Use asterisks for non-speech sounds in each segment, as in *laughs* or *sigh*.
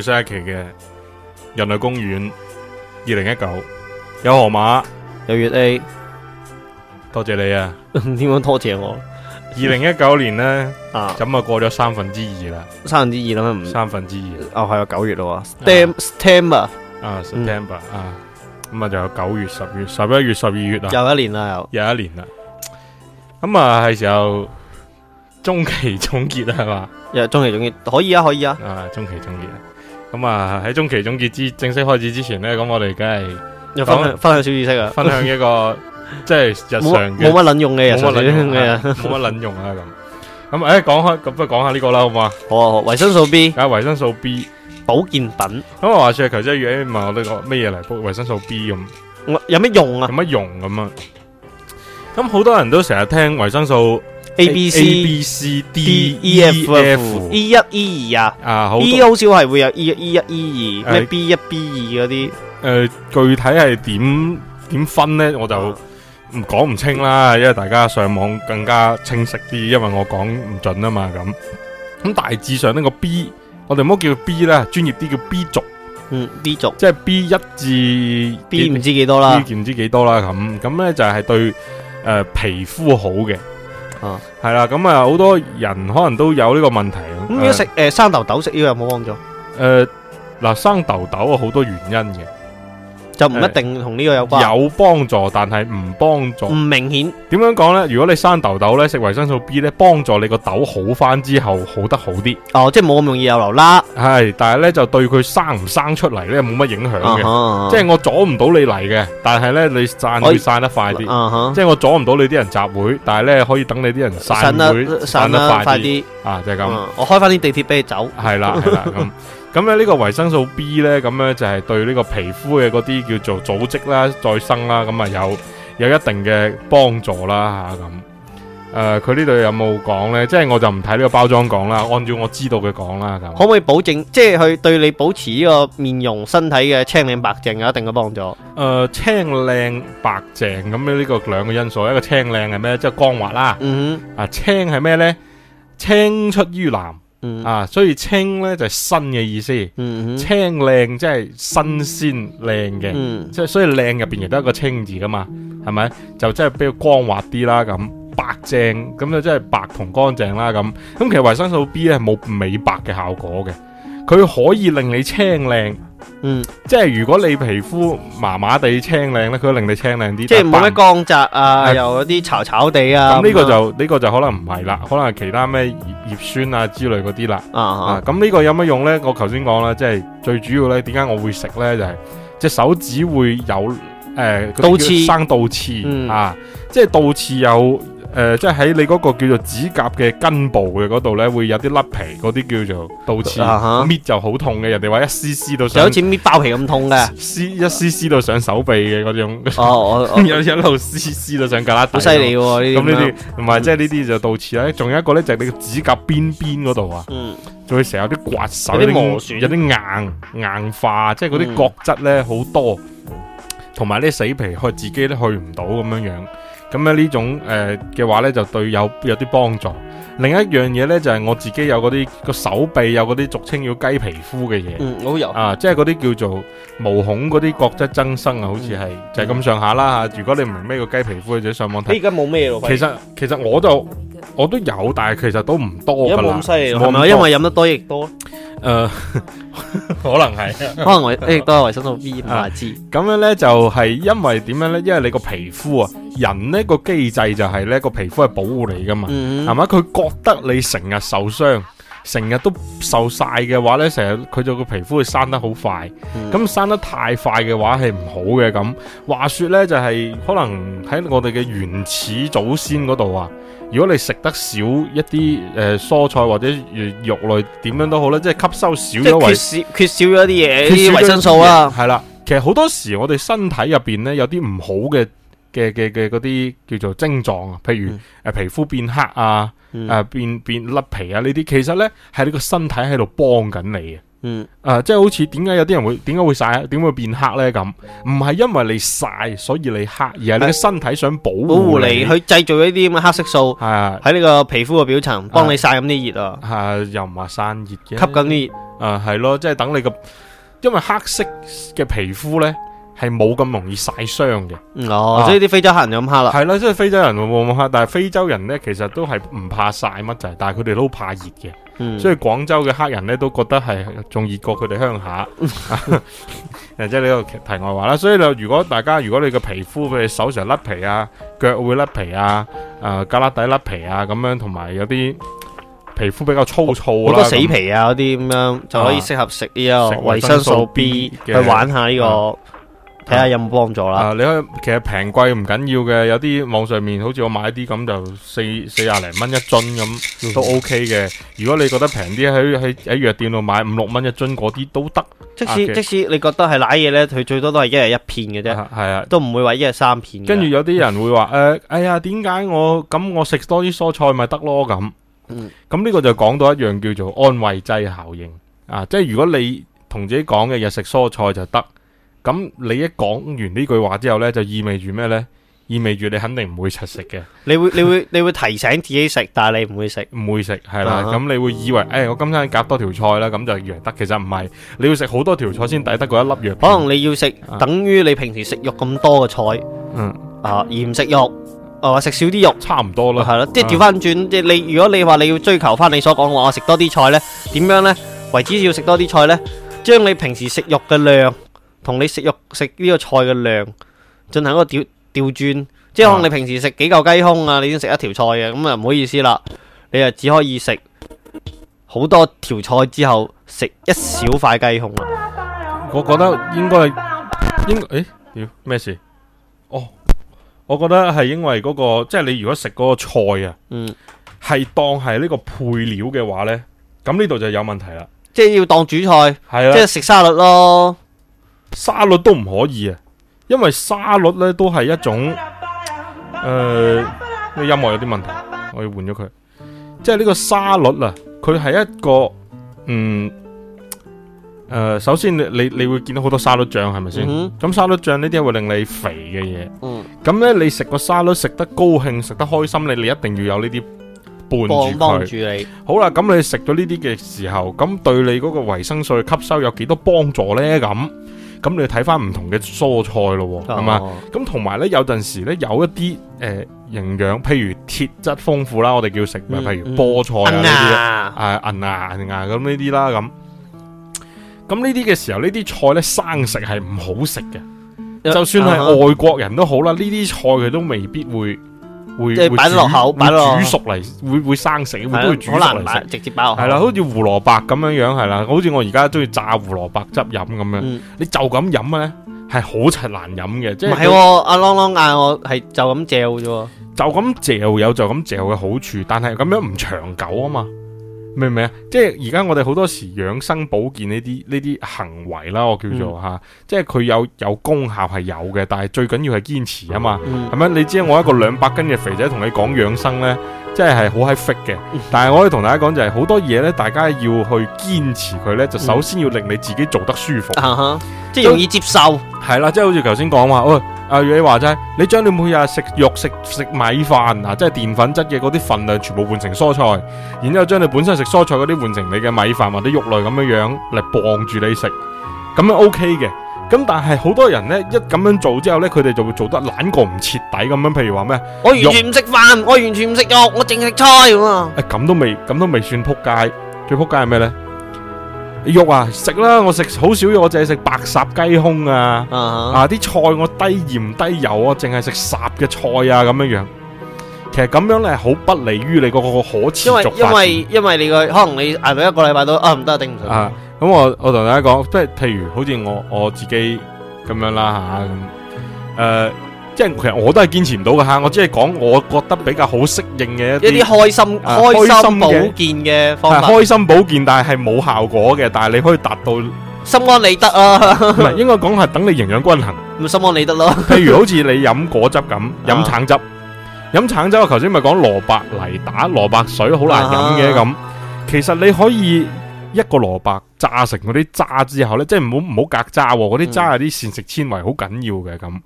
新一期嘅《人類公園》二零一九有河馬有月 A，多謝你啊！點樣多謝我？二零一九年呢，咁啊過咗三分之二啦，三分之二啦三分之二哦，係啊，九月啦 Stem，Stem 啊，September 啊，咁啊，就有九月、十月、十一月、十二月啦，又一年啦，又一年啦，咁啊係時候，中期總結啦，係嘛？又中期總結可以啊，可以啊，啊，中期總結。咁啊，喺中期總結之正式開始之前咧，咁我哋梗係分享分享小知識啊，分享一個即係日常，冇乜卵用嘅，冇乜卵用嘅，冇乜卵用啊！咁咁誒，講開咁，不如講下呢個啦，好唔好啊？好啊，維生素 B，維生素 B 保健品，咁我話足球即係要咩嘛？我都講咩嘢嚟補維生素 B 咁，喂有乜用啊？有乜用咁啊？咁好多人都成日聽維生素。A、B、C、B、C、D、E、F、F、E 一、E 二啊！E 好少係會有 E 一、E 一、E 二,、呃、E 一、E 二咩？B 一、B 二嗰啲？誒，具體係點點分咧？我就唔講唔清啦，因為大家上網更加清晰啲，因為我講唔準啊嘛。咁咁大致上呢個 B，我哋唔好叫 B 啦，專業啲叫 B 族。嗯，B 族即係 B 一至 B 唔結知幾多啦，B 唔知幾多啦。咁咁咧就係對誒皮膚好嘅。啊，係啦、嗯，咁啊，好、嗯、多人可能都有呢個問題，咁要食誒生痘痘食呢個有冇幫助？誒、嗯，嗱、呃，生痘痘啊，好、呃呃、多原因嘅。就唔一定同呢個有關，有幫助，但係唔幫助，唔明顯。點樣講呢？如果你生痘痘呢，食維生素 B 呢，幫助你個痘好翻之後，好得好啲。哦，即係冇咁容易有留疤。係，但係呢就對佢生唔生出嚟呢冇乜影響嘅。即係我阻唔到你嚟嘅，但係呢你散會散得快啲。即係我阻唔到你啲人集會，但係呢可以等你啲人散會散得快啲。啊，就係咁。我開翻啲地鐵俾你走。係啦，係啦。咁咧呢個維生素 B 呢，咁咧就係對呢個皮膚嘅嗰啲叫做組織啦、再生啦，咁啊有有一定嘅幫助啦，咁誒，佢呢度有冇講呢？即係我就唔睇呢個包裝講啦，按照我知道嘅講啦。可唔可以保證，即係去對你保持呢個面容、身體嘅青靚白淨有一定嘅幫助？誒，青靚白淨咁樣呢？呢個兩個因素，一個青靚係咩？即係光滑啦。嗯啊，青係咩呢？青出於藍。啊，所以青咧就係、新嘅意思，嗯、哼青靚即係新鮮靚嘅，即係、嗯、所以靚入邊亦都係一個青字噶嘛，係咪？就即係比較光滑啲啦，咁白淨，咁就即係白同乾淨啦，咁，咁其實維生素 B 咧係冇美白嘅效果嘅。佢可以令你清靚，嗯，即係如果你皮膚麻麻地清靚咧，佢令你清靚啲，即係冇乜光澤啊，又嗰啲巢巢地啊。咁呢、嗯、個就呢、呢個就可能唔係啦，可能係其他咩葉酸啊之類嗰啲啦。啊，哈啊，咁呢個有乜用咧？我頭先講啦，即、就、係、是、最主要咧，點解我會食咧？就係、是、隻手指會有誒，呃、刺倒刺生倒刺啊，即係倒刺有。誒、呃，即係喺你嗰個叫做指甲嘅根部嘅嗰度咧，會有啲甩皮，嗰啲叫做倒刺，搣就好痛嘅。人哋話一絲絲到上好似搣包皮咁痛嘅，絲一絲絲到上手臂嘅嗰種。哦、啊，有一路撕撕到上胳肋底，好犀利喎！咁呢啲同埋即係呢啲就倒刺啦。仲有一個咧就係、是、你嘅指甲邊邊嗰度啊，就會成日有啲刮手，有啲毛，有啲硬硬化，即係嗰啲角質咧好多，同埋啲死皮去自己都去唔到咁樣樣。咁咧呢種誒嘅、呃、話呢，就對有有啲幫助。另一樣嘢呢，就係、是、我自己有嗰啲個手臂有嗰啲俗稱叫雞皮膚嘅嘢。嗯、啊，即係嗰啲叫做毛孔嗰啲角質增生啊，好似係、嗯、就係咁上下啦嚇。嗯、如果你唔明咩叫雞皮膚，或者上網睇。你而家冇咩咯？其實其實我就。我都有，但係其實都唔多噶啦。冇咪因為飲得多益多？誒、呃， *laughs* *laughs* 可能係是，可能我亦都係維生素 B 五 A 之。咁樣咧就係、是、因為點樣咧？因為你個皮膚啊，人呢個機制就係咧，個皮膚係保護你噶嘛，係嘛、嗯？佢覺得你成日受傷，成日都受晒嘅話咧，成日佢就個皮膚會生得好快。咁生、嗯嗯、得太快嘅話係唔好嘅。咁話說咧就係、是、可能喺我哋嘅原始祖先嗰度啊。如果你食得少一啲誒、嗯呃、蔬菜或者肉類點樣都好啦，嗯、即係吸收少咗維，缺少缺少咗啲嘢，啲維生素啊，係啦。其實好多時我哋身體入邊咧有啲唔好嘅嘅嘅嘅嗰啲叫做症狀啊，譬如誒、嗯呃、皮膚變黑啊，誒、嗯呃、變變甩皮啊呢啲，其實咧係你個身體喺度幫緊你嘅。嗯，誒、啊，即係好似點解有啲人會點解會曬點會變黑呢？咁，唔係因為你曬所以你黑，而係你嘅身體想保護你，保護你去製造一啲咁嘅黑色素，係喺、啊、你個皮膚嘅表層幫你曬咁啲熱啊，又唔話散熱嘅，吸緊啲熱，誒係咯，即係等你個，因為黑色嘅皮膚呢。係冇咁容易晒傷嘅，哦，所以啲非洲黑人咁黑咯，係咯，即係非洲人冇冇黑，但係非洲人咧，其實都係唔怕晒乜滯，但係佢哋都怕熱嘅，所以廣州嘅黑人咧都覺得係仲熱過佢哋鄉下，即係呢個題外話啦。所以就如果大家如果你嘅皮膚嘅手上甩皮啊，腳會甩皮啊，誒，胳肋底甩皮啊，咁樣同埋有啲皮膚比較粗糙啦，好多死皮啊嗰啲咁樣，就可以適合食呢個維生素 B 去玩下呢個。睇下有冇幫助啦。啊，你可以其實平貴唔緊要嘅，有啲網上面好似我買啲咁就四四廿零蚊一樽咁，都 OK 嘅。如果你覺得平啲，喺喺喺藥店度買五六蚊一樽嗰啲都得。即使、啊、即使你覺得係瀨嘢咧，佢最多都係一日一片嘅啫。係啊，啊都唔會話一日三片。跟住有啲人會話誒、 *laughs* 呃，哎呀，點解我咁我食多啲蔬菜咪得咯咁？嗯，咁呢個就講到一樣叫做安慰劑效應啊！即係如果你同自己講嘅嘢食蔬菜就得。咁你一講完呢句話之後咧，就意味住咩咧？意味住你肯定唔會實食嘅，你會你會你會提醒自己食，但係你唔會食，唔會食係啦。咁你會以為誒，我今日夾多條菜啦，咁就得。其實唔係，你要食好多條菜先抵得嗰一粒藥。可能你要食等於你平時食肉咁多嘅菜，嗯啊，而唔食肉，或食少啲肉，差唔多啦，係咯。即係調翻轉，即係你如果你話你要追求翻你所講話我食多啲菜咧，點樣咧？為咗要食多啲菜咧，將你平時食肉嘅量。同你食肉食呢個菜嘅量進行一個調調轉，即係可能你平時食幾嚿雞胸啊，你已經食一條菜嘅，咁啊唔好意思啦，你啊只可以食好多條菜之後食一小塊雞胸啊。我覺得應該係應誒，屌、咩、欸、事？哦，我覺得係因為嗰、那個即係你如果食嗰個菜啊，嗯，係當係呢個配料嘅話呢，咁呢度就有問題啦。即係要當主菜，了即係食沙律咯。沙律都唔可以啊，因為沙律呢都係一種誒，音樂有啲問題，我要換咗佢。即係呢個沙律啊，佢係一個嗯誒、呃，首先你你你會見到好多沙律醬係咪先？咁、嗯、沙律醬呢啲係會令你肥嘅嘢。咁咧、嗯、你食個沙律食得高興，食得開心，你你一定要有呢啲伴住佢。幫幫住你。好啦，咁你食咗呢啲嘅時候，咁對你嗰個維生素吸收有幾多幫助呢？咁。咁你睇翻唔同嘅蔬菜咯，係嘛、哦？咁同埋咧，有陣時咧，有一啲誒營養，譬如鐵質豐富啦，我哋叫食、嗯、譬如菠菜啊呢啲，誒銀芽銀芽咁呢啲啦咁。咁呢啲嘅時候，呢啲菜咧，生食係唔好食嘅，嗯、就算係外國人都好啦，呢啲、嗯啊、菜佢都未必會。會即係擺落口，擺煮熟嚟，會會生食，都會煮熟嚟食。直接擺落口，係啦，好似胡蘿蔔咁樣樣，係啦，好似我而家中意炸胡蘿蔔汁飲咁樣。嗯、你就咁飲咧，係好柒難飲嘅。唔係，阿朗朗嗌我係就咁嚼啫，就咁嚼有就咁嚼嘅好處，但係咁樣唔長久啊嘛。明唔明啊？即係而家我哋好多時養生保健呢啲呢啲行為啦，我叫做吓、嗯啊，即係佢有有功效係有嘅，但係最緊要係堅持啊嘛。係咪、嗯？你知道我一個兩百斤嘅肥仔同你講養生呢。即係好喺 fit 嘅，但係我可以同大家講就係、是、好多嘢呢，大家要去堅持佢呢，就首先要令你自己做得舒服，即係、嗯、就容易接受。係啦，即係好似頭先講話，喂、欸，阿月你話齋，你將你，你每日食肉食食米飯啊，即係澱粉質嘅嗰啲份量全部換成蔬菜，然之後將你本身食蔬菜嗰啲換成你嘅米飯或者肉類咁樣樣嚟傍住你食，咁樣 OK 嘅。咁但係好多人呢，一咁樣做之後呢，佢哋就會做得懶過唔徹底咁樣。譬如話咩，我完全唔食飯，肉我完全唔食肉，我淨食菜咁啊。哎、咁都未，咁都未算撲街。最撲街係咩呢？肉啊，食啦，我食好少肉，我淨係食白霎雞胸啊。Uh huh. 啊啲菜我低鹽低油啊，淨係食霎嘅菜啊，咁樣樣。其實咁樣呢，好不利於你個個可持續發展。因為因為，因為你個可能你誒，一個禮拜都啊唔得，頂唔順啊。咁我我同大家講，即係譬如，好似我我自己咁樣啦吓咁，誒、啊呃，即係其實我都係堅持唔到嘅吓，我只係講我覺得比較好適應嘅一啲開心開心、啊、開心保健嘅方法，開心保健，但係係冇效果嘅，但係你可以達到心安理得啊，唔 *laughs* 係應該講係等你營養均衡，咪心安理得咯。譬 *laughs* 如好似你飲果汁咁，飲橙汁，飲、啊、橙汁，我頭先咪講蘿蔔泥打蘿蔔水好難飲嘅咁，啊、哈其實你可以。一個蘿蔔炸成嗰啲渣之後呢，即係唔好唔好隔渣。嗰啲、嗯、渣係啲膳食纖維，好緊要嘅咁。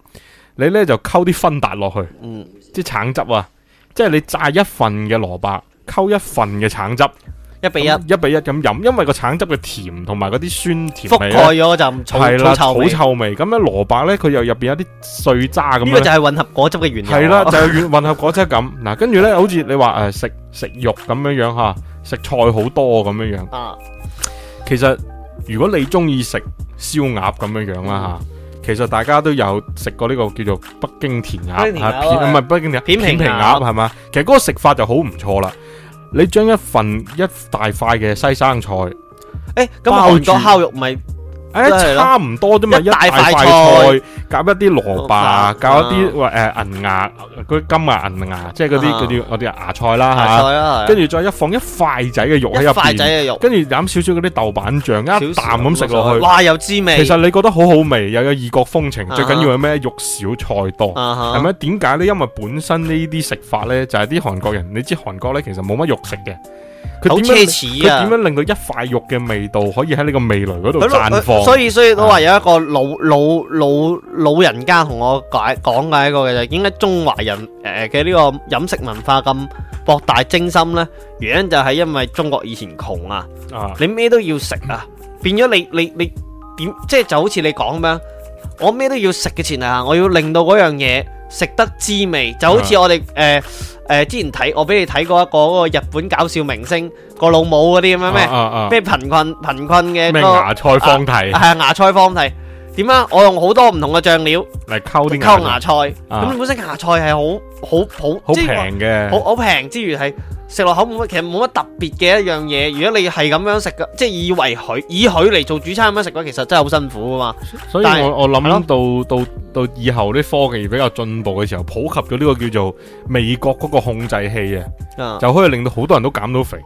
你呢，就溝啲芬達落去，嗯，啲橙汁啊，即係你炸一份嘅蘿蔔，溝一份嘅橙汁一比一，一比一，一比一咁飲，因為個橙汁嘅甜同埋嗰啲酸甜覆蓋咗就唔係啦，好臭味。咁咧蘿蔔呢，佢又入邊有啲碎渣咁。呢個就係混合果汁嘅原理啦，就係混合果汁咁嗱。 *laughs* 跟住呢，好似你話誒食食肉咁樣樣吓，食菜好多咁樣樣啊。啊其實如果你中意食燒鴨咁樣樣啦吓，嗯、其實大家都有食過呢個叫做北京填鴨啊，唔係北京片，片皮鴨係嘛？其實嗰個食法就好唔錯啦。你將一份一大塊嘅西生菜，誒、嗯，咁我仲烤肉咪。誒，差唔多啫嘛，一大塊菜夾一啲蘿蔔，夾一啲喂誒銀牙，啲金牙銀牙，即係嗰啲啲啲芽菜啦吓，跟住再一放一塊仔嘅肉喺入邊，跟住搵少少嗰啲豆瓣醬一啖咁食落去，哇，又滋味！其實你覺得好好味，又有異國風情，最緊要係咩？肉少菜多，係咪？點解呢？因為本身呢啲食法呢，就係啲韓國人，你知韓國呢，其實冇乜肉食嘅。佢點樣佢點樣令到一塊肉嘅味道可以喺你個味蕾嗰度綻放？所以所以都話有一個老老老老人家同我解講解一個嘅就係點解中華人誒嘅呢個飲食文化咁博大精深呢，原因就係因為中國以前窮啊，你咩都要食啊，變咗你你你點即係就好似你講咁樣，我咩都要食嘅前提下，我要令到嗰樣嘢。食得滋味，就好似我哋誒誒之前睇我俾你睇過一個嗰個日本搞笑明星個老母嗰啲咁樣，咩咩貧困貧困嘅咩芽菜放題，係芽菜放題點啊，啊，啊芽菜放題樣？我用好多唔同嘅醬料嚟溝啲溝芽菜咁、啊啊、本身芽菜係好好好即係平嘅，好好平之餘係。食落口冇乜，其實冇乜特別嘅一樣嘢。如果你係咁樣食嘅，即係以為佢以佢嚟做主餐咁樣食嘅，其實真係好辛苦噶嘛。所以我是我諗到、嗯、到到，到以後啲科技比較進步嘅時候，普及咗呢個叫做味覺嗰個控制器啊，就可以令到好多人都減到肥。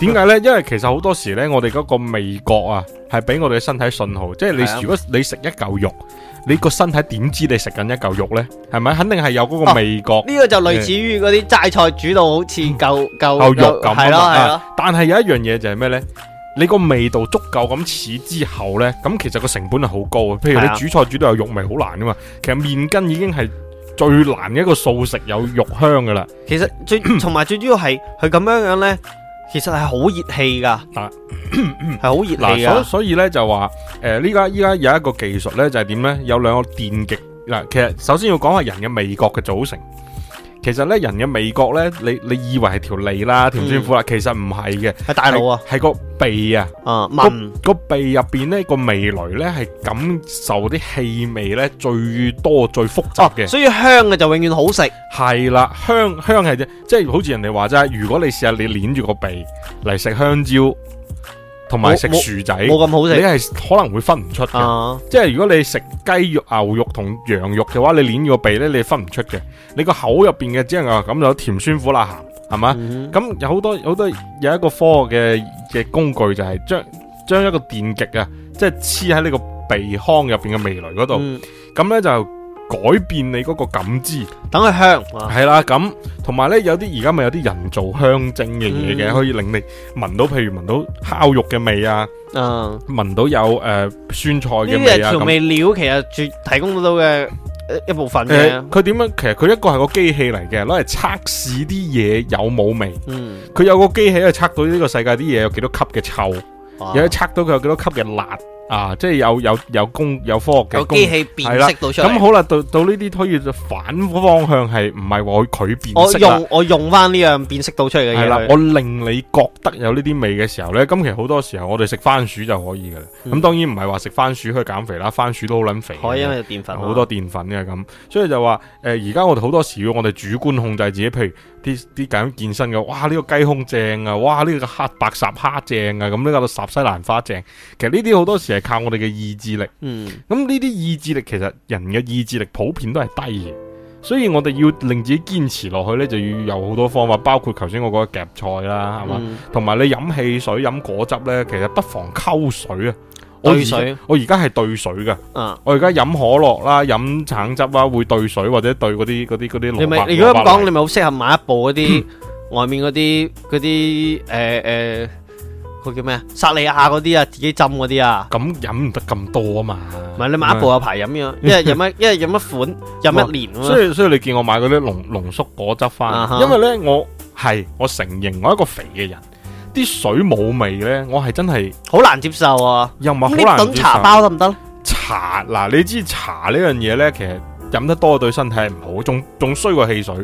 點解、嗯、呢？因為其實好多時呢，我哋嗰個味覺啊，係俾我哋身體信號，即、就、係、是、你是的 如果你食一嚿肉。你個身體點知你食緊一嚿肉呢？係咪？肯定係有嗰個味覺。呢、哦這個就類似於嗰啲齋菜煮到好似夠夠肉咁咯有。但係有一樣嘢就係咩呢？你個味道足夠咁似之後呢，咁其實個成本係好高。譬如你煮菜煮到有肉味，好難噶嘛。其實麵筋已經係最難嘅一個素食有肉香噶啦。其實最同埋 *coughs* 最主要係佢咁樣樣呢。其實係好熱氣噶，係好熱氣。所所以咧就話，誒、呃，呢家依家有一個技術咧，就係點咧？有兩個電極。嗱、啊，其實首先要講下人嘅味覺嘅組成。其實咧，人嘅味覺咧，你你以為係條脷啦，甜酸苦辣啦，嗯、其實唔係嘅，係大腦啊，係個鼻啊，啊個個鼻入邊咧個味蕾咧係感受啲氣味咧最多最複雜嘅、啊，所以香嘅就永遠好食。係啦，香香係啫，即、就、係、是、好似人哋話齋，如果你試下你捏住個鼻嚟食香蕉。同埋食薯仔冇咁好食，你係可能會分唔出嘅。Uh. 即係如果你食雞肉、牛肉同羊肉嘅話，你捻住個鼻呢，你分唔出嘅。你個口入邊嘅只能夠咁有甜酸苦辣鹹、酸、苦、嗯、辣、鹹，係嘛？咁有好多、好多有一個科學嘅嘅工具就將，就係將將一個電極啊，即係黐喺你個鼻腔入邊嘅味蕾嗰度，咁、嗯、呢就。改變你嗰個感知，等佢香、啊，係啦咁。同埋咧，有啲而家咪有啲人造香精嘅嘢嘅，嗯、可以令你聞到，譬如聞到烤肉嘅味啊，嗯、聞到有誒、呃、酸菜嘅味啊。調味料，其實提供到嘅一部分嘅。佢點、呃、樣？其實佢一個係個機器嚟嘅，攞嚟測試啲嘢有冇味。嗯，佢有個機器去測到呢個世界啲嘢有幾多級嘅臭，有去哇測到佢有幾多級嘅辣。啊，即係有有有工有科學嘅機器辨識到出嚟，咁了好啦。到到呢啲可以反方向係唔係我佢改變？我用我用翻呢樣辨識到出嚟嘅嘢，係啦了。我令你覺得有呢啲味嘅時候咧，咁其實好多時候我哋食番薯就可以噶啦。咁、嗯、當然唔係話食番薯可以減肥啦，番薯都好撚肥，係因為有澱粉、啊，好多澱粉嘅、啊、咁、啊。所以就話誒，而、呃、家我哋好多時要我哋主觀控制自己，譬如啲啲搞健身嘅，哇呢、呢個雞胸正啊，哇呢、呢個黑白十蝦正啊，咁呢個什西蘭花正。其實呢啲好多時。靠我哋嘅意志力，嗯，咁呢啲意志力其實人嘅意志力普遍都係低嘅，所以我哋要令自己堅持落去呢就要有好多方法，包括頭先我講夾菜啦，係嘛，同埋、嗯、你飲汽水、飲果汁呢，其實不妨溝水啊，兌水，我而家係兌水噶，我而家飲可樂啦，飲橙汁啦、啊，會兌水或者兌嗰啲啲啲，你咪如果咁講，蔔你咪好適合買一部嗰啲、嗯、外面嗰啲啲誒誒。叫咩？薩利亞嗰啲啊，自己浸嗰啲啊，咁飲唔得咁多啊嘛。唔係你買一部有排飲嘅，因為飲一因為飲一款飲 *laughs* 一年所。所以所以你見我買嗰啲濃濃縮果汁翻，uh huh. 因為咧我係我承認我一個肥嘅人，啲水冇味咧，我係真係好難接受啊。又唔係好難茶包得唔得？茶嗱，你知茶呢樣嘢咧，其實飲得多對身體係唔好，仲仲衰過汽水，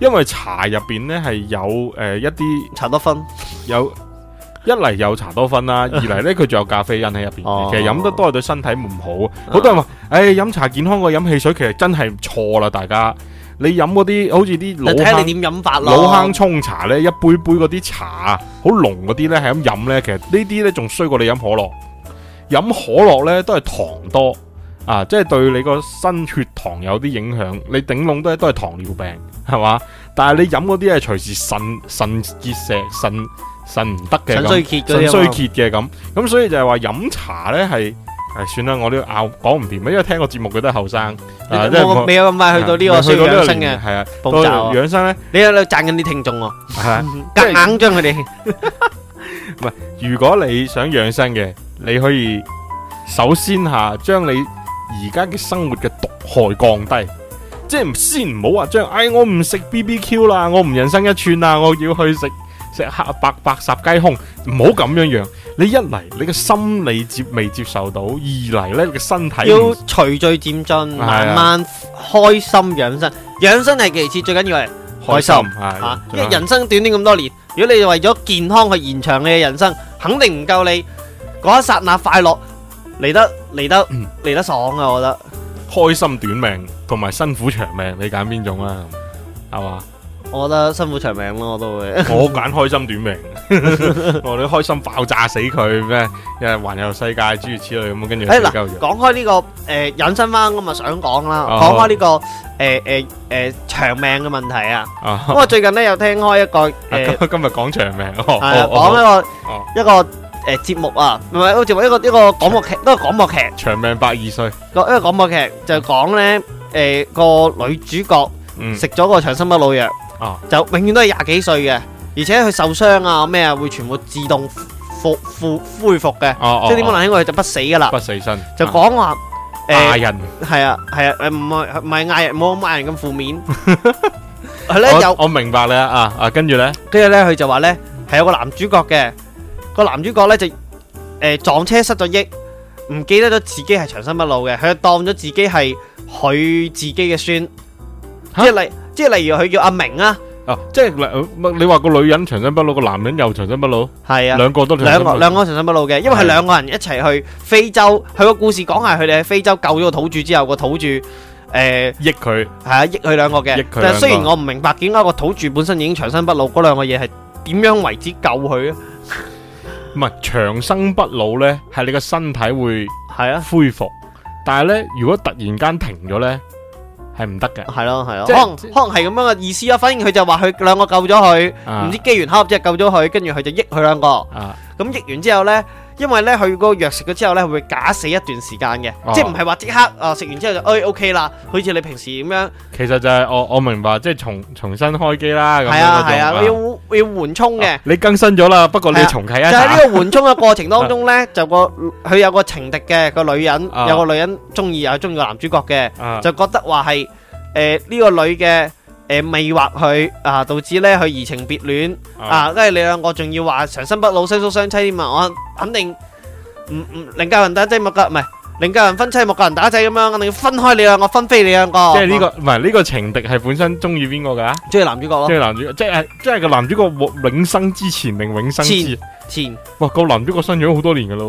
因為茶入邊咧係有誒一啲茶多酚有。一嚟有茶多酚啦，二嚟咧佢仲有咖啡因喺入邊。 *laughs* 其實飲得多係對身體唔好。好 *laughs* 多人話，誒、哎，飲茶健康過飲汽水，其實真係錯啦，大家。你飲嗰啲好似啲老坑你點飲法老坑沖茶咧，一杯杯嗰啲茶好濃嗰啲咧，係咁飲咧，其實呢啲咧仲衰過你飲可樂。飲可樂咧都係糖多啊，即係對你個身血糖有啲影響。你頂籠都都係糖尿病係嘛？但係你飲嗰啲係隨時腎腎結石腎。腎唔得嘅，腎衰竭嘅，咁，咁所以就係話飲茶咧係，係算啦，我都拗，講唔掂啊，因為聽個節目佢都係後生，你冇未有咁快去到呢個需要養生嘅，係啊，到養生咧，你喺度賺緊啲聽眾喎，夾硬將佢哋。唔係，如果你想養生嘅，你可以首先吓將你而家嘅生活嘅毒害降低，即係唔，先唔好話將，哎，我唔食 BBQ 啦，我唔人生一串啦，我要去食。食黑白白十雞胸，唔好咁樣樣。你一嚟你個心理接未接受到，二嚟你個身體要循序漸進，慢慢開心養生。養生係其次，最緊要係開心吓，因為人生短短咁多年，如果你為咗健康去延長你嘅人生，肯定唔夠你嗰一刹那快樂嚟得嚟得嚟得爽啊！我覺得開心短命，同埋辛苦長命，你揀邊種啊？係嘛？我覺得辛苦長命咯，我都會。我揀開心短命，我啲開心爆炸死佢咩？又係環遊世界諸如此類咁跟住。誒嗱，講開呢個誒引申翻，我咪想講啦。講開呢個誒誒誒長命嘅問題啊。咁啊，最近呢，又聽開一個今日講長命。啊，講一個一個誒節目啊，唔係，我仲話一個一個廣播劇，一個廣播劇。長命百二歲。個一個廣播劇就講呢誒個女主角食咗個長生不老藥。哦，就永遠都係廿幾歲嘅。而且佢受傷啊咩啊，會全部自動復復恢復嘅。哦哦，即係點講咧？因為佢就不死噶啦，不死身。就講話誒嗌人，係啊，係啊，誒唔係唔係嗌人冇咁嗌人咁負面。係咧，就我明白啦啊啊，跟住咧，跟住咧，佢就話咧係有個男主角嘅，個男主角咧就誒撞車失咗憶，唔記得咗自己係長生不老嘅，佢當咗自己係佢自己嘅孫，即係嚟。即係例如佢叫阿明啊，哦，即係你話個女人長生不老，個男人又長生不老，係啊，兩個都長生不老嘅，因為係兩個人一齊去非洲，佢個故事講係佢哋喺非洲救咗個土著之後，個土著誒，益佢係啊，益佢兩個嘅，但係雖然我唔明白點解個土著本身已經長生不老，嗰兩個嘢係點樣為之救佢啊？唔係長生不老咧，係你個身體會係啊恢復，但係咧如果突然間停咗咧。係唔得嘅，係咯係咯，可能可能係咁樣嘅意思咯。反正佢就話佢兩個救咗佢，唔、啊、知機緣巧合即係救咗佢，跟住佢就益佢兩個。咁益、啊、完之後呢？因為咧佢嗰個藥食咗之後咧，會假死一段時間嘅，哦、即係唔係話即刻啊食完之後就哎 OK 啦，好似你平時咁樣。其實就係、是、我我明白，即、就、係、是、重重新開機啦。係啊係啊，啊種啊要要緩衝嘅。你更新咗啦，不過你要重啟啊。就喺呢個緩衝嘅過程當中咧，啊、就個佢有個情敵嘅個女人，啊、有個女人中意又中意個男主角嘅，啊、就覺得話係誒呢個女嘅。誒，迷惑佢啊，導致咧佢移情別戀啊，即係你兩個仲要話長生不老，相夫相妻添啊！我肯定唔唔，寧教人打仔莫教唔係，寧教人分妻莫教人打仔咁樣，我一定要分開你兩個，分飛你兩個。即係呢個唔係呢個情敵係本身中意邊個噶？中意男主角咯。即係男主角，即係即係個男主角永生之前定永生前？前哇，個男主角生咗好多年噶啦，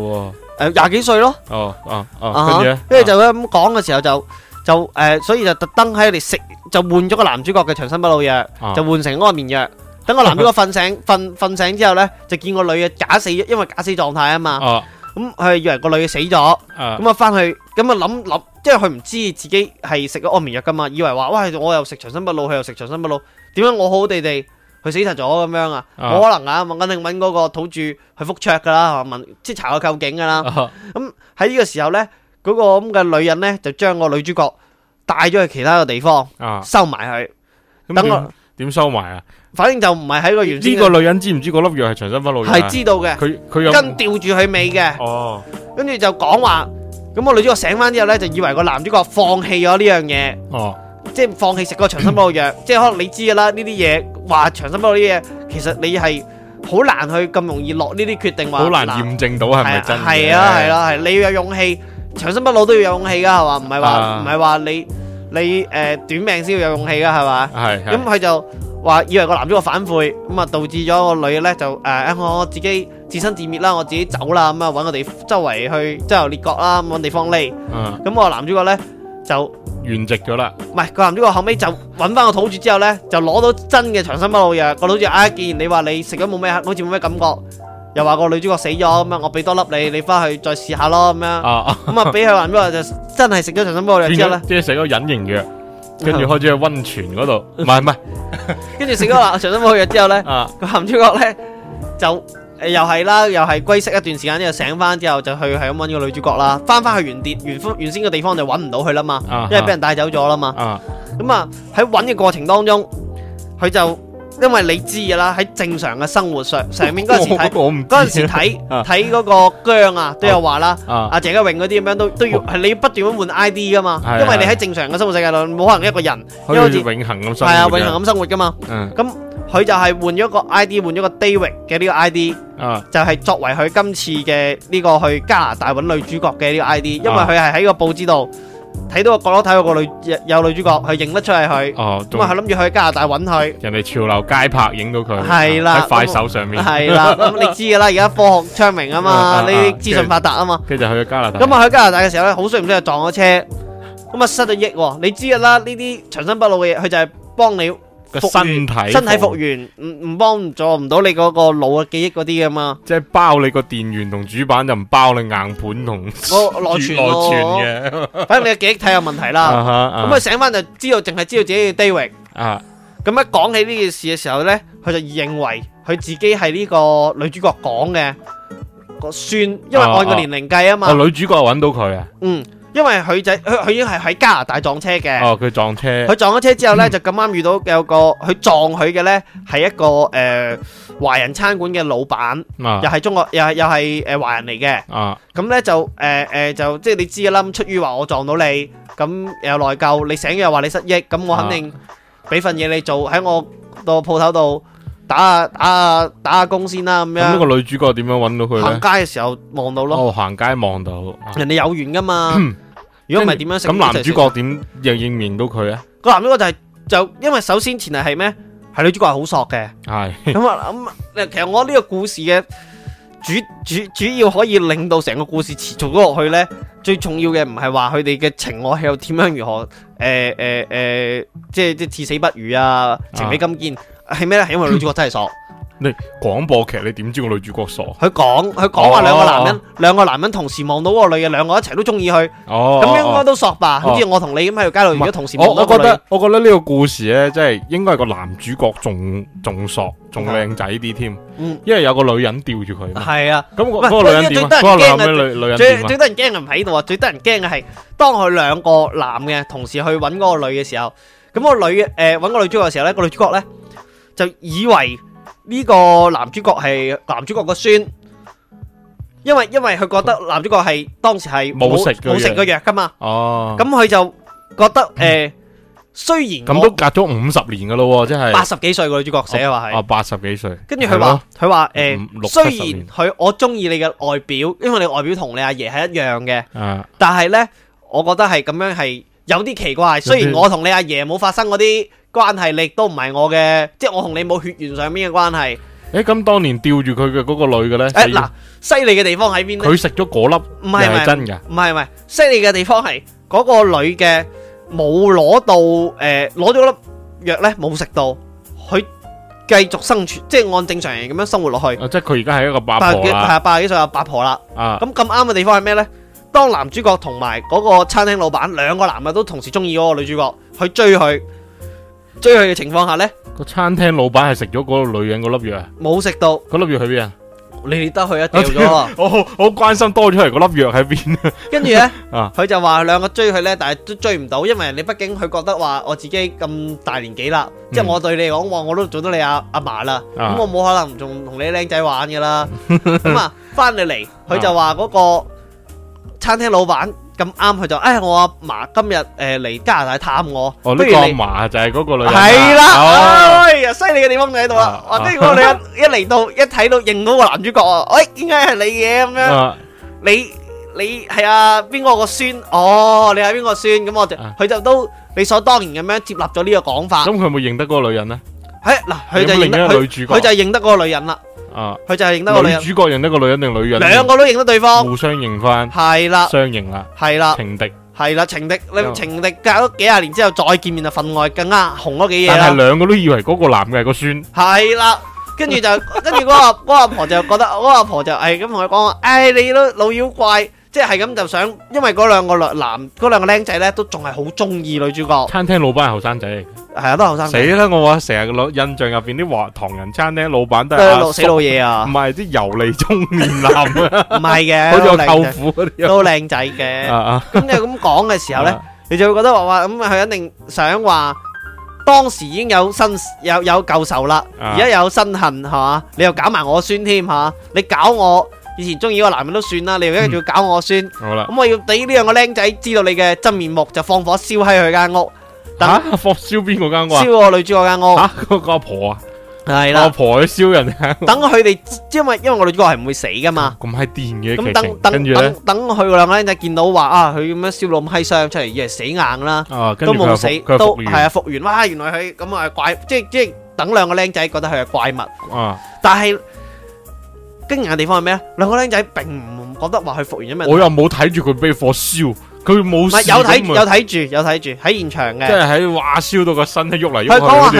誒，廿幾歲咯。哦哦，跟住，咧，跟住就咁講嘅時候就。就誒，所以就特登喺佢哋食，就換咗個男主角嘅長生不老藥，就換成安眠藥。等個男主角瞓醒，瞓瞓醒之後咧，就見個女嘅假死，因為假死狀態啊嘛。咁佢以為個女嘅死咗，咁啊翻去，咁啊諗諗，即係佢唔知自己係食咗安眠藥噶嘛，以為話，哇！我又食長生不老，佢又食長生不老，點樣我好好地地佢死曬咗咁樣啊？冇可能啊！揾緊揾嗰個土著去覆桌噶啦，嚇！問即係查個究竟噶啦。咁喺呢個時候咧。嗰個咁嘅女人咧，就將個女主角帶咗去其他嘅地方，收埋佢。等我點收埋啊？反正就唔係喺個原先。呢個女人知唔知個粒藥係長生不老藥？係知道嘅。佢佢又跟吊住佢尾嘅。哦。跟住就講話，咁個女主角醒翻之後咧，就以為個男主角放棄咗呢樣嘢。哦。即係放棄食個長生不老藥，即係可能你知噶啦，呢啲嘢話長生不老啲嘢，其實你係好難去咁容易落呢啲決定。好難驗證到係咪真？係啊係咯係，你要有勇氣。長生不老都要有勇氣噶，係嘛？唔係話，唔係話你你誒、呃、短命先要有勇氣噶，係嘛？係。咁佢就話以為個男主角反悔，咁啊導致咗個女咧就誒、呃，我自己自生自滅啦，我自己走啦，咁啊搵個地方周圍去周遊列國啦，搵地方匿。咁啊、uh, 男主角咧就圓寂咗啦。唔係，個男主角後尾就搵翻個土著之後咧，就攞到真嘅長生不老藥。個老者啊，既然你話你食咗冇咩，好似冇咩感覺。又話個女主角死咗咁啊！我俾多粒你，你翻去再試下咯咁樣。咁啊，俾佢話咩就真係食咗長生果藥之後咧，即係食咗隱形藥，跟住開始去溫泉嗰度。唔係唔係，跟住食咗個長生果藥之後咧，個男主角咧就誒又係啦，又係龜息一段時間之後醒翻之後就去係咁揾個女主角啦。翻翻去原跌原原先嘅地方就揾唔到佢啦嘛，因為俾人帶走咗啦嘛。咁啊喺揾嘅過程當中，佢就。因為你知㗎啦，喺正常嘅生活上，上面嗰陣時睇，嗰陣時睇睇嗰個薑啊，都有話啦，阿鄭嘉穎嗰啲咁樣都都要係你要不斷咁換 I D 噶嘛，因為你喺正常嘅生活世界度，冇可能一個人好似永恆咁生活，係啊，永恆咁生活噶嘛，咁佢就係換咗個 I D，換咗個 David 嘅呢個 I D，就係作為佢今次嘅呢個去加拿大揾女主角嘅呢個 I D，因為佢係喺個報紙度。睇到個角落睇到個女有女主角，佢認得出係佢，咁啊諗住去加拿大揾佢，人哋潮流街拍影到佢，係啦，喺快手上面，係啦、嗯 *laughs* 嗯，你知噶啦，而家科學昌明啊嘛，呢啲資訊發達啊嘛，佢就、啊啊、去咗加拿大，咁啊、嗯、去加拿大嘅時候咧，好衰唔衰就撞咗車，咁啊失咗憶，你知噶啦，呢啲長生不老嘅嘢，佢就係幫你。個身體身體復原唔唔幫助唔到你嗰個腦嘅記憶嗰啲噶嘛，即係包你個電源同主板就唔包你硬盤同內存內存嘅，反正 *laughs* 哦啊、 *laughs* 你嘅記憶體有問題啦。咁佢、uh huh, uh huh. 醒翻就知道淨係知道自己嘅低域啊。咁、uh huh. 一講起呢件事嘅時候咧，佢就認為佢自己係呢個女主角講嘅個算，因為按個年齡計啊嘛。Uh huh. Oh, 女主角揾到佢啊。嗯。因為佢就佢佢已經係喺加拿大撞車嘅。哦，佢撞車。佢撞咗車之後咧，就咁啱遇到有個佢撞佢嘅咧，係一個誒華人餐館嘅老闆，又係中國又係又係誒華人嚟嘅。啊，咁咧就誒誒就即係你知啦。咁出於話我撞到你，咁又內疚，你醒咗又話你失憶，咁我肯定俾份嘢你做喺我個鋪頭度打下打下打下工先啦咁樣。咁個女主角點樣揾到佢咧？行街嘅時候望到咯。哦，行街望到。人哋有緣噶嘛如果唔係點樣？咁男主角點認認應面到佢啊？個男主角就係、是、就因為首先前提係咩？係女主角係好索嘅。係咁啊，咁其實我呢個故事嘅主主主要可以令到成個故事持續咗落去咧，最重要嘅唔係話佢哋嘅情愛係又點樣如何？誒誒誒，即係即係至死不渝啊，情比金堅係咩咧？係、啊、因為女主角真係索。嗯你廣播劇，你點知個女主角傻？佢講佢講話兩個男人兩個男人同時望到個女嘅，兩個一齊都中意佢。哦，咁應該都傻吧？好似我同你咁喺度街度，如果同時望到個女嘅，我覺得我覺得呢個故事呢，即係應該係個男主角仲仲傻仲靚仔啲添。嗯，因為有個女人吊住佢。係啊，咁個個女人點啊？個男嘅女人點啊？最得人驚嘅唔喺度啊！最得人驚嘅係，當佢兩個男嘅同時去揾嗰個女嘅時候，咁個女誒揾個女主角嘅時候呢，個女主角呢就以為。呢個男主角係男主角個孫，因為因為佢覺得男主角係當時係冇食冇食過藥噶嘛，哦，咁佢就覺得誒，雖然咁都隔咗五十年噶咯，即係八十幾歲個女主角寫話係，啊八十幾歲，跟住佢話佢話誒，雖然佢我中意你嘅外表，因為你外表同你阿爺係一樣嘅，啊，但係呢，我覺得係咁樣係有啲奇怪，雖然我同你阿爺冇發生嗰啲。關係你都唔係我嘅，即係我同你冇血緣上面嘅關係。誒，咁當年吊住佢嘅嗰個女嘅咧？誒，嗱，犀利嘅地方喺邊咧？佢食咗嗰粒，唔係唔係真噶？唔係唔係，犀利嘅地方係嗰個女嘅冇攞到，誒，攞咗粒藥咧，冇食到，佢繼續生存，即係按正常人咁樣生活落去。啊，即係佢而家係一個八婆啦。八八啊，八十幾歲啊，八婆啦。啊，咁咁啱嘅地方係咩咧？當男主角同埋嗰個餐廳老闆兩個男嘅都同時中意嗰個女主角，去追佢。追佢嘅情況下呢，個餐廳老闆係食咗嗰個女人嗰粒藥啊！冇食到，嗰粒藥去邊啊？你哋得去啊？掉咗啦！我好關心多咗嚟，嗰粒藥喺邊？跟住呢，佢就話兩個追佢呢，但係都追唔到，因為你畢竟佢覺得話我自己咁大年紀啦，即係我對你嚟講，話我都做到你阿阿嫲啦，咁我冇可能仲同你靚仔玩噶啦。咁啊，翻嚟嚟，佢就話嗰個餐廳老闆。咁啱佢就，哎，我阿嫲今日誒嚟加拿大探我。哦，呢個阿嫲就係嗰個女人。係啦，哎呀，犀利嘅地方就喺度啦。哦，呢個女一嚟到一睇到認到個男主角啊，哎，點解係你嘅咁樣？你你係啊，邊個個孫？哦，你係邊個孫？咁我就，佢就都理所當然咁樣接納咗呢個講法。咁佢有冇認得嗰個女人咧？誒，嗱，佢就認得個女主角，佢就認得嗰個女人啦。啊！佢就係認得個女，女主角認得個女人定女人，兩個都認得對方，互相認翻，係啦，相認啦，係啦，情敵，係啦，情敵，你情敵隔咗幾廿年之後再見面就分外更加紅咗幾嘢。但係兩個都以為嗰個男嘅係個孫，係啦， *laughs* 跟住就跟住嗰個阿婆就覺得，嗰阿婆就係咁同佢講話，誒，你都老妖怪。即係咁就想，因為嗰兩個男，嗰兩個僆仔咧，都仲係好中意女主角。餐廳老闆係後生仔嚟嘅，係啊，都後生。死啦！我話成日個印象入邊啲話，唐人餐廳老闆都阿叔死老嘢啊！唔係啲油膩中年男啊，唔係嘅，好似我舅父嗰啲都靚仔嘅。咁你咁講嘅時候咧，你就會覺得我話咁，佢肯定想話，當時已經有新有有舊仇啦，而家有新恨係嘛？你又搞埋我孫添吓？你搞我。以前中意個男人都算啦，你而家仲要搞我先，好啦，咁我要俾呢兩個僆仔知道你嘅真面目，就放火燒喺佢間屋。吓，放火燒邊個間屋？燒我女主角間屋。吓，個個阿婆啊，係啦，阿婆去燒人啊。等佢哋，因為因為我女主角係唔會死噶嘛。咁係電嘅劇情，跟住咧。等等等，佢兩個僆仔見到話啊，佢咁樣燒到咁閪傷出嚟，以為死硬啦，都冇死，都係啊復原。哇，原來佢咁啊怪，即係即係等兩個僆仔覺得佢係怪物。啊，但係。驚人嘅地方係咩咧？兩個靚仔並唔覺得話佢復原咗咩？我又冇睇住佢俾火燒，佢冇。唔係有睇住，有睇住有睇住喺現場嘅。即係喺話燒到個身喺喐嚟喐去好似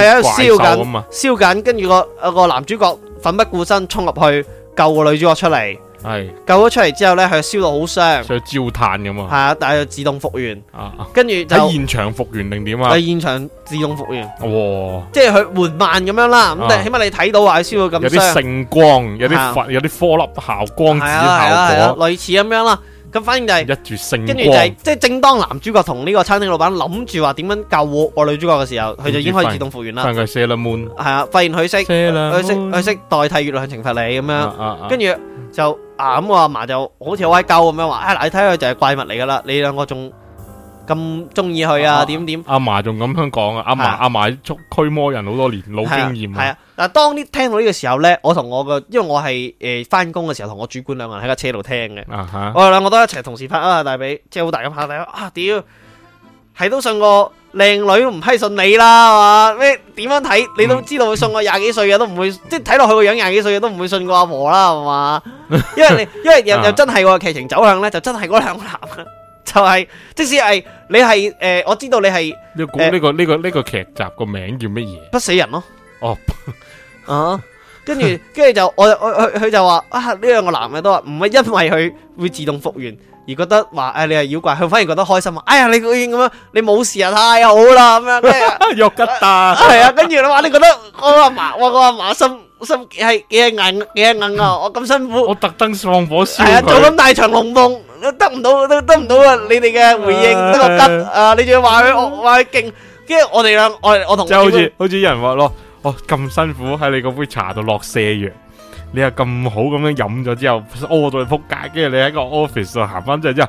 怪獸咁啊！燒緊，跟住、嗰個、嗰個男主角奮不顧身衝入去救個女主角出嚟。係救咗出嚟之後咧，佢燒到好傷，佢焦炭咁嘛，係啊，但係佢自動復原，跟住喺現場復原定點啊？喺現場自動復原，即係佢緩慢咁樣啦，咁但係起碼你睇到話佢燒到咁，有啲聖光，有啲佛，有啲顆粒效光子效果，類似咁樣啦。咁反應就係一柱聖光，跟住就係即係正當男主角同呢個餐廳老闆諗住話點樣救活個女主角嘅時候，佢就已經可以自動復原啦。係啊，發現佢識，佢識，佢識代替月亮懲罰你咁樣，跟住。就啊咁，我阿嫲就好似好威鳩咁樣話，哎、啊、你睇佢就係怪物嚟噶啦，你兩個仲咁中意佢啊？點點？阿嫲仲咁樣講啊！阿嫲阿嫲捉驅魔人好多年，老經驗啊！係啊！嗱、啊，當呢聽到呢個時候咧，我同我個，因為我係誒翻工嘅時候，同我主管兩個人喺架車度聽嘅。啊、我哋兩我都一齊同時拍，拍啊，大髀即係好大咁拍大髀啊！屌、啊，係、啊啊、都信我。靚女唔批信你啦，係嘛？咩點樣睇你都知道佢信我廿幾歲嘅都唔會，即係睇落去個樣廿幾歲嘅都唔會信個阿婆啦，係嘛？ *laughs* 因為你因為又又真係劇、那個、情走向咧，就真係嗰兩個男嘅，就係、是、即使係你係誒、呃，我知道你係你要講呢個呢、呃這個呢、這個劇、這個、集個名叫乜嘢？不死人咯哦啊，跟住跟住就我我佢佢就話啊呢兩個男嘅都話唔係因為佢會自動復原。而覺得話誒，你係妖怪，佢反而覺得開心啊！哎呀，你咁樣，你冇事啊，太好啦咁樣。肉骨檔係啊，跟住你話你覺得我阿嫲，我個阿嫲心心幾係幾係硬幾係硬啊！我咁辛苦，我特登放火燒佢。係啊，做咁大場龍鳳，得唔到得得唔到啊！你哋嘅回應得個吉啊！你仲要話佢話佢勁，跟住我哋兩我我同即係好似好似有人話咯，我咁辛苦喺你個杯茶度落瀉藥。你又咁好咁樣飲咗之後屙咗去撲街，跟住你喺個 office 度行翻出嚟之後，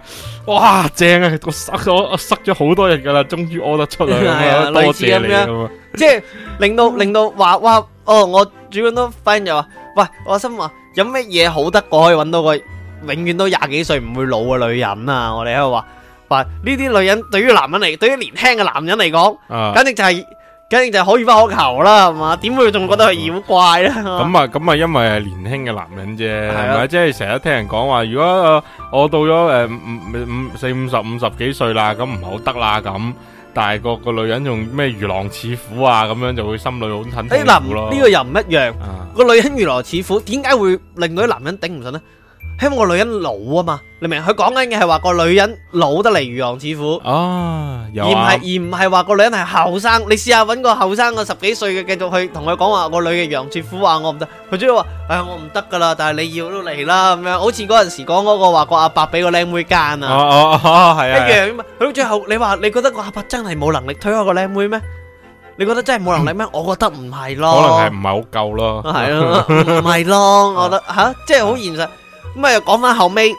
哇正啊！我塞咗我塞咗好多日噶啦，終於屙得出啦。係啊類似咁樣，即係令到令到話哇哦！我，我主管都反應就話：喂，我心話飲咩嘢好得過可以揾到個永遠都廿幾歲唔會老嘅女人啊！我哋喺度話：喂，呢啲女人對於男人嚟，對於年輕嘅男人嚟講，啊，簡直就係。啊。肯定就可遇不可求啦，係嘛？點會仲覺得係妖怪咧？咁啊，咁啊，因為係年輕嘅男人啫，係咪？即係成日聽人講話，如果我到咗誒五五四五十五十幾歲啦，咁唔好得啦咁。但係個個女人用咩如狼似虎啊？咁樣就會心裏好痛。誒，嗱，呢個又唔一樣。個女人如狼似虎，點解會令到啲男人頂唔順咧？希望個女人老啊嘛，你明唔明？佢講緊嘅係話個女人老得嚟如狼似虎啊，而唔係而唔係話個女人係後生。你試下搵個後生個十幾歲嘅繼續去同佢講話個女嘅楊似虎啊，我唔得。佢終於話：唉，我唔得噶啦。但係你要都嚟啦，咁樣。好似嗰陣時講嗰個話個阿伯俾個靚妹奸啊，哦哦哦，係啊，一樣啊嘛。咁到最後你話你覺得個阿伯真係冇能力推開個靚妹咩？你覺得真係冇能力咩？我覺得唔係咯，可能係唔係好夠咯，係咯，唔係咯，我覺得吓，即係好現實。咁啊，又講翻後尾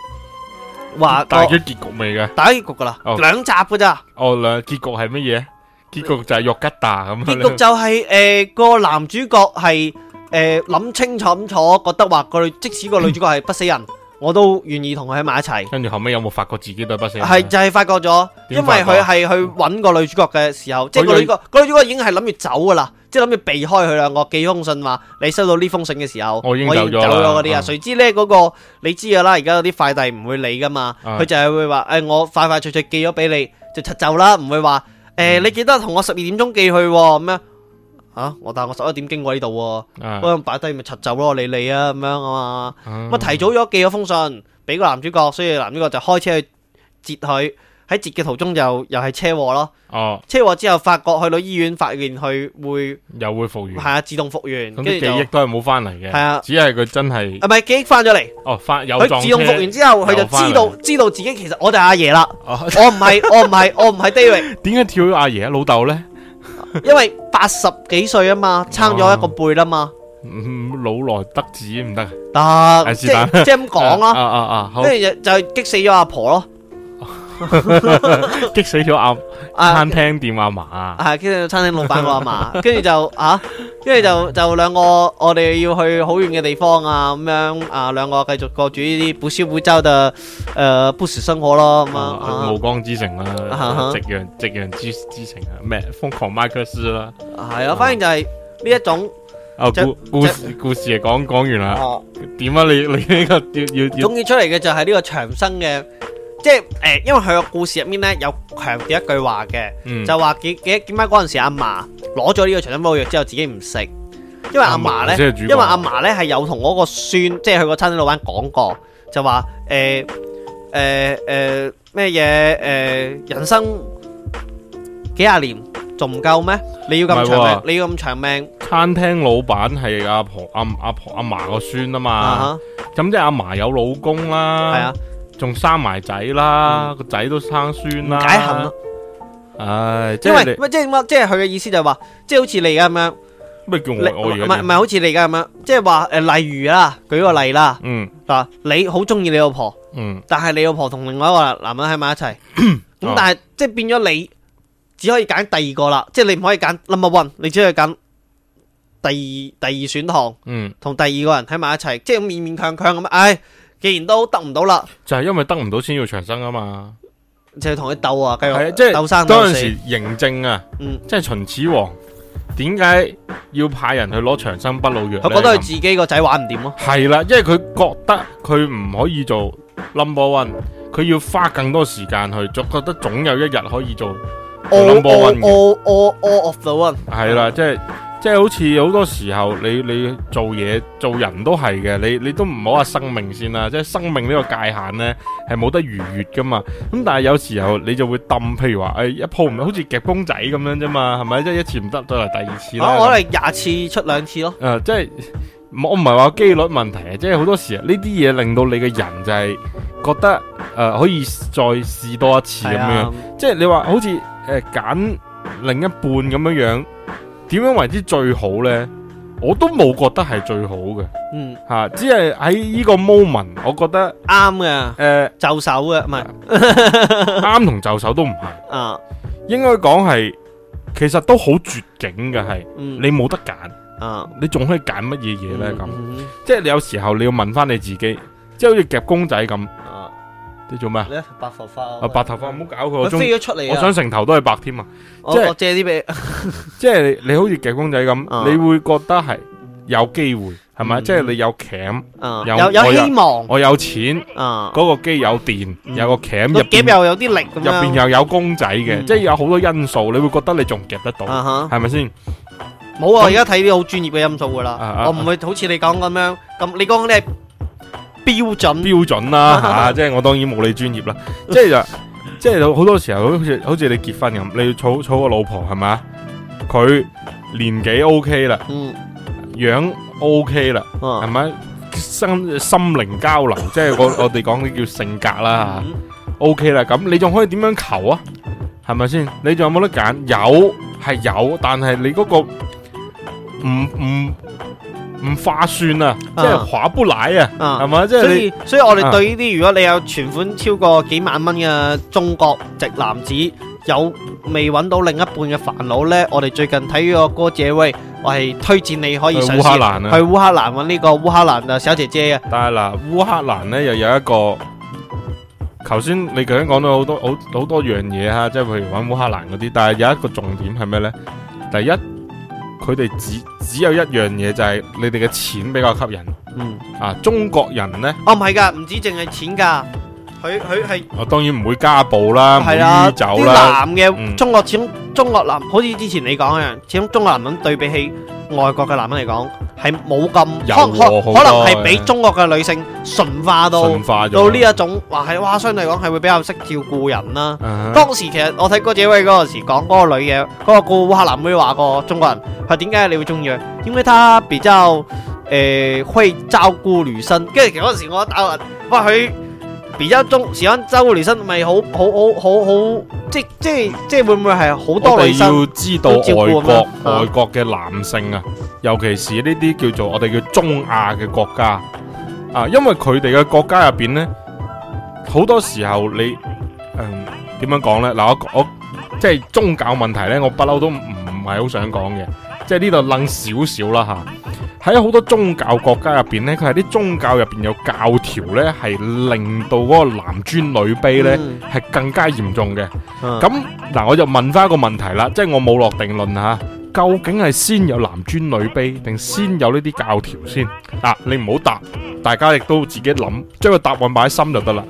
話，大結局未嘅？大結局噶啦，兩集噶咋？哦，兩結局係乜嘢？結局就係若吉達咁。結局就係誒個男主角係誒諗清楚咁坐，覺得話個即使個女主角係不死人。我都願意同佢喺埋一齊。跟住後尾有冇發覺自己都唔死？就係、是、發覺咗，覺因為佢係去揾個女主角嘅時候，也即係個,也個女主角已經係諗住走噶啦，即係諗住避開佢兩個我寄封信話。你收到呢封信嘅時候，我已經走咗嗰啲啊。誰、嗯、知呢？嗰、那個你知噶啦，而家有啲快遞唔會理噶嘛，佢、嗯、就係會話誒、哎，我快快脆脆寄咗俾你就出走啦，唔會話誒、呃嗯、你記得同我十二點鐘寄去咁樣。啊！我但係我十一點經過呢度，咁擺低咪擦走咯，你你啊咁樣啊嘛，咁啊提早咗寄咗封信俾個男主角，所以男主角就開車去接佢，喺接嘅途中又又係車禍咯。哦，車禍之後發覺去到醫院發現佢會又會復原，係啊，自動復原，咁啲記憶都係冇翻嚟嘅。係啊，只係佢真係啊，係咪記憶翻咗嚟哦，翻有佢自動復原之後，佢就知道知道自己其實我就係阿爺啦，我唔係我唔係我唔係 David，點解跳咗阿爺啊，老豆呢？ *laughs* 因為八十幾歲啊嘛，撐咗一個背啦嘛、哦嗯，老來得子唔得？得行，即係即係咁講咯，跟住就就激死咗阿婆咯。激死咗阿餐廳店阿嫲，係跟住餐廳老闆個阿媽，跟住就啊，跟住就就兩個，我哋要去好遠嘅地方啊，咁樣啊，兩個繼續過住呢啲補燒補粥嘅誒 bus 生活咯咁啊，暮光之城啦，夕陽夕陽之之城啊，咩瘋狂麥克斯啦，係啊，反正就係呢一種啊，故故事故事嘅講講完啦，點啊，你你呢個要要總結出嚟嘅就係呢個長生嘅。即係誒，因為佢個故事入面咧有強調一句話嘅，就話幾幾點解嗰陣時阿嫲攞咗呢個長生保藥之後自己唔食，因為阿嫲咧，因為阿嫲咧係有同嗰個孫，即係佢個餐廳老闆講過，就話誒誒誒咩嘢，誒人生幾廿年仲唔夠咩？你要咁長命，你要咁長命？餐廳老闆係阿婆阿阿婆阿嫲個孫啊嘛，咁即係阿嫲有老公啦。仲生埋仔啦，個仔都生孫啦，解恨咯。唉，因為喂，即係點啊？即係佢嘅意思就係話，即係好似你啊咁樣。咩叫我我唔係唔係好似你噶咁樣？即係話誒，例如啦，舉個例啦，嗯嗱，你好中意你老婆，嗯，但係你老婆同另外一個男人喺埋一齊，咁但係即係變咗你只可以揀第二個啦，即係你唔可以揀 number one，你只可以揀第二第二選項，嗯，同第二個人喺埋一齊，即係勉勉強強咁唉。既然都得唔到啦，就係因為得唔到先要長生啊嘛，就係同佢鬥啊，即係鬥生鬥死。嗰陣時嬴政啊，即係秦始皇，點解要派人去攞長生不老藥咧？佢覺得佢自己個仔玩唔掂咯，係啦、啊，因為佢覺得佢唔可以做 number one，佢要花更多時間去，總覺得總有一日可以做 number one all, all all all all of the one、啊。係啦，即係。即係好似好多時候你你做嘢做人都係嘅你你都唔好話生命先啦，即係生命呢個界限咧係冇得逾越噶嘛。咁但係有時候你就會掟，譬如話誒、哎、一鋪唔好似夾公仔咁樣啫嘛，係咪？即係一次唔得，再嚟第二次啦。啊，我我嚟廿次出兩次咯。誒、嗯，即係我唔係話機率問題啊，即係好多時呢啲嘢令到你嘅人就係覺得誒、呃、可以再試多一次咁樣。是啊，即係你話好似誒揀另一半咁樣樣。點樣為之最好呢？我都冇覺得係最好嘅，嗯吓，只係喺呢個 moment，我覺得啱嘅，誒就手嘅唔係，啱同就手都唔係啊，應該講係其實都好絕境嘅係，你冇得揀啊，你仲可以揀乜嘢嘢呢？咁，即係你有時候你要問翻你自己，即係好似夾公仔咁。你做咩啊？白頭髮啊！白頭髮唔好搞佢，飛咗出嚟。我想成頭都係白添啊！即係我借啲俾，即係你好似夾公仔咁，你會覺得係有機會係咪？即係你有鉗，有有希望，我有錢，嗰個機有電，有個鉗入，夾又有啲力，入邊又有公仔嘅，即係有好多因素，你會覺得你仲夾得到，係咪先？冇啊！我而家睇啲好專業嘅因素㗎啦，我唔會好似你講咁樣咁。你講你。標準標準啦、啊、吓、 *laughs* 啊，即係我當然冇你專業啦， *laughs* 即係就即係好多時候好似好似你結婚咁，你要娶娶個老婆係咪啊？佢年紀 OK 啦，嗯、樣 OK 啦，係咪、嗯、心心靈交流？ *laughs* 即係我我哋講嘅叫性格啦吓 *laughs* ，OK 啦。咁你仲可以點樣求啊？係咪先？你仲有冇得揀？有係有，但係你嗰、嗰個唔唔。嗯嗯嗯唔划算啊，嗯、即係划不來啊，係咪、嗯？是是所以你所以我哋對呢啲，嗯、如果你有存款超過幾萬蚊嘅中國籍男子，有未揾到另一半嘅煩惱呢，我哋最近睇呢個歌姐，喂，我係推薦你可以嘗試去烏克蘭揾呢個烏克蘭嘅小姐姐啊。但係嗱，烏、呃、克蘭咧又有一個，頭先你頭先講到好多好好多樣嘢吓，即係譬如玩烏克蘭嗰啲，但係有一個重點係咩咧？第一。第一佢哋只只有一樣嘢就係、是、你哋嘅錢比較吸引，嗯啊中國人呢？哦唔係噶唔止淨係錢噶，佢佢係當然唔會家暴啦，係啦、啊、走啦男嘅、嗯、中國始終中國男，好似之前你講一樣，始終中國男人對比起外國嘅男人嚟講。係冇咁可能，可能係畀中國嘅女性馴化到化到呢一種話係哇相對嚟講係會比較識照顧人啦、啊。Uh huh. 當時其實我睇《哥姐位嗰陣時講嗰個女嘅嗰、那個顧客男妹話過中國人佢點解你會中意？點解？他比較誒、呃、會照顧女生。跟住其實嗰時我打問話佢。而家中，而家周圍身咪好好好好好，即即即會唔會係好多女生？我哋要知道外國外國嘅男性啊，尤其是呢啲叫做我哋叫中亞嘅國家啊，因為佢哋嘅國家入邊咧，好多時候你嗯點樣講咧？嗱，我我即宗教問題咧，我不嬲都唔唔係好想講嘅，嗯、即呢度撚少少啦嚇。啊。喺好多宗教國家入邊呢，佢係啲宗教入邊有教條，呢係令到嗰個男尊女卑呢係更加嚴重嘅。咁嗱，嗯，我就問翻一個問題啦，即係我冇落定論嚇，究竟係先有男尊女卑定先有呢啲教條先啊？你唔好答，大家亦都自己諗，將個答案擺喺心就得啦。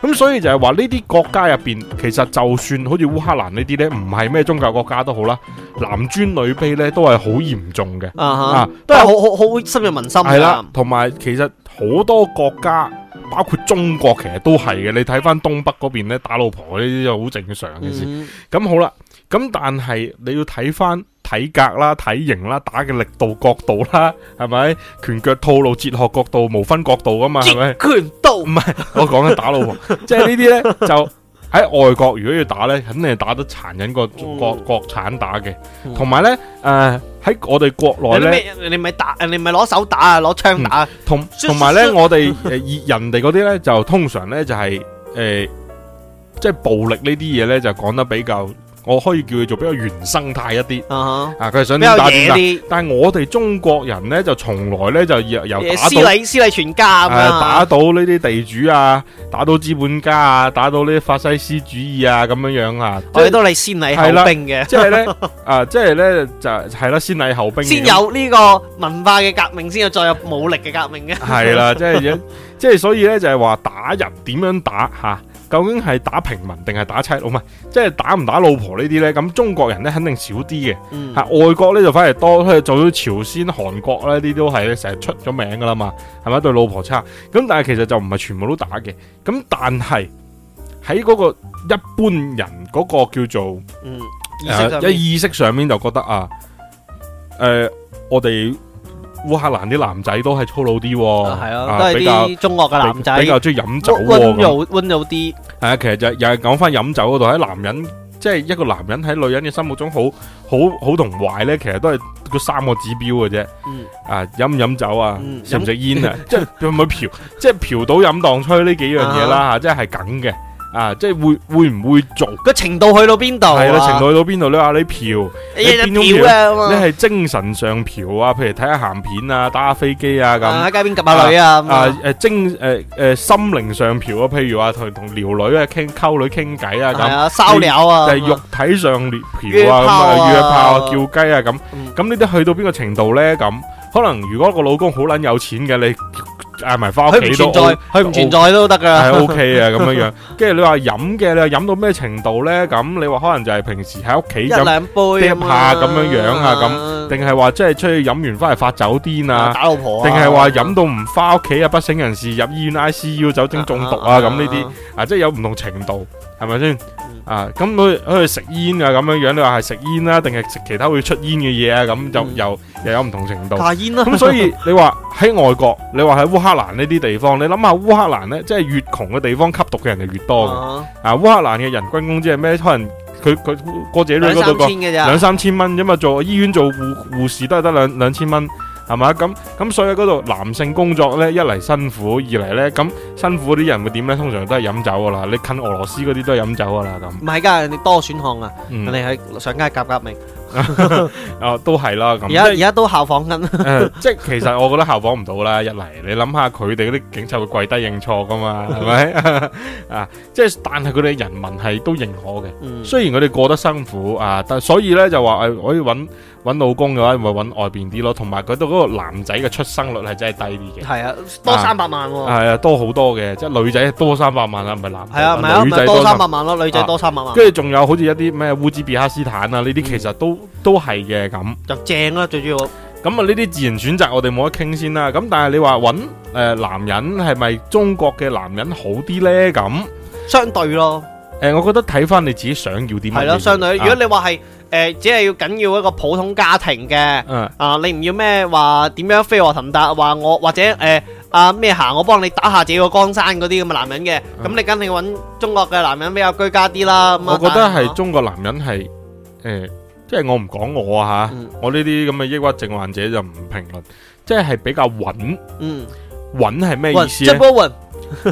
咁、嗯、所以就係話呢啲國家入邊，其實就算好似烏克蘭呢啲呢，唔係咩宗教國家都好啦，男尊女卑呢，都係好嚴重嘅，uh huh. 啊，都係是、啊、好好好深入民心。係啦、啊，同埋其實好多國家，包括中國，其實都係嘅。你睇翻東北嗰邊呢，打老婆呢啲就好正常嘅事。咁、uh huh. 好啦，咁但係你要睇翻。體格啦、體型啦、打嘅力度、角度啦，係咪拳腳套路、哲學角度、無分角度噶嘛？係咪？拳道唔係我講緊打老婆， *laughs* 即係呢啲咧就喺外國如果要打咧，肯定係打得殘忍過國國產打嘅。同埋咧，誒、呃、喺我哋國內咧，你唔係打，你唔係攞手打啊，攞槍打。嗯、同同埋咧， *laughs* 我哋誒人哋嗰啲咧就通常咧就係、是、誒，即、呃、係、就是、暴力呢啲嘢咧就講得比較。我可以叫佢做比較原生態一啲啊，佢係想點樣打啲，但係我哋中國人咧就從來咧就由由打到先禮全家打到呢啲地主啊，打到資本家啊，打到呢啲法西斯主義啊咁樣、嗯、樣啊，最多你先禮後兵嘅。即係咧啊，即係咧就係咯，先禮後兵，先有呢個文化嘅革命，先有再有武力嘅革命嘅，係 *laughs* 啦，即係即係，所以咧就係、是、話、就是、打人點樣打吓。啊究竟係打平民定係打差佬？唔係，即係打唔打老婆呢啲呢？咁中國人呢肯定少啲嘅，吓、嗯、外國呢就反而多。佢做到朝鮮、韓國呢，呢啲都係成日出咗名㗎喇嘛，係咪對老婆差？咁但係其實就唔係全部都打嘅。咁但係喺嗰個一般人嗰個叫做嗯意識、呃、意識上面就覺得啊，誒、呃，我哋。烏克蘭啲男仔都係粗魯啲，係咯，都係啲中國嘅男仔，比較中意飲酒，溫柔溫柔啲。係啊，其實就又係講翻飲酒嗰度，喺男人，即係一個男人喺女人嘅心目中，好好好同壞咧，其實都係佢三個指標嘅啫。嗯。啊，飲唔飲酒啊？食唔食煙啊？即係有冇嫖？即係嫖賭飲蕩吹呢幾樣嘢啦，即係係梗嘅。啊，即係會會唔會做個程度去到邊度？係啦，程度去到邊度？你話你嫖，你邊種嫖？你係精神上嫖啊？譬如睇下咸片啊，打下飛機啊咁。喺街邊 𥄫 下女啊。啊誒精誒誒心靈上嫖啊，譬如話同同撩女啊傾溝女傾偈啊咁。係啊，騷擾啊。就係肉體上嫖啊，咁啊約炮啊，叫雞啊咁。咁呢啲去到邊個程度咧？咁可能如果個老公好撚有錢嘅你。誒，唔係翻屋企都，佢唔存在，佢唔存在都得噶，係 O K 啊，咁樣樣。跟住你話飲嘅，你話飲到咩程度咧？咁你話可能就係平時喺屋企飲兩杯下咁樣樣啊，咁。定係話即係出去飲完翻嚟發酒癲啊，打老婆。定係話飲到唔翻屋企啊，不省人事入醫院 I C U，酒精中毒啊，咁呢啲啊，即係有唔同程度，係咪先？啊，咁佢佢食煙啊，咁樣樣你話係食煙啦，定係食其他會出煙嘅嘢啊？咁就又、嗯、又有唔同程度。咁煙、啊嗯、所以你話喺外國，你話喺烏克蘭呢啲地方，你諗下烏克蘭呢，即係越窮嘅地方吸毒嘅人就越多嘅。啊，啊，烏克蘭嘅人均工資係咩？可能佢佢過自己嗰度兩三千嘅咋，兩三千蚊，因為做醫院做護護士都係得兩兩千蚊。係嘛咁咁，所以喺嗰度男性工作咧，一嚟辛苦，二嚟咧咁辛苦啲人會點咧，通常都係飲酒噶啦。你近俄羅斯嗰啲都係飲酒噶啦咁。唔係噶，你多選項啊，你哋、嗯、係上街夾夾命。啊，都係啦。而家而家都效仿緊，即係其實我覺得效仿唔到啦。一嚟，你諗下佢哋啲警察會跪低認錯噶嘛，係咪啊？即係但係佢哋人民係都認可嘅。雖然佢哋過得辛苦啊，但所以咧就話誒，可以搵搵老公嘅話，咪搵外邊啲咯。同埋佢都嗰個男仔嘅出生率係真係低啲嘅。係啊，多三百萬。係啊，多好多嘅，即係女仔多三百萬啦，唔係男係啊，唔係啊，女仔多三百萬咯，女仔多三百萬。跟住仲有好似一啲咩烏茲別克斯坦啊呢啲，其實都。都係嘅，咁就正啦，最主要咁啊。呢啲自然選擇，我哋冇得傾先啦。咁但係你話搵，誒，男人係咪中國嘅男人好啲呢？咁相對咯，誒，我覺得睇翻你自己想要啲係咯。相對，如果你話係誒，只係要緊要一個普通家庭嘅，嗯啊，你唔要咩話點樣飛黃騰達，話我或者誒阿咩行，我幫你打下自己個江山嗰啲咁嘅男人嘅，咁你梗係搵中國嘅男人比較居家啲啦。我覺得係中國男人係誒。即係我唔講我啊吓，嗯、我呢啲咁嘅抑鬱症患者就唔評論，即係比較揾，揾係咩意思啊？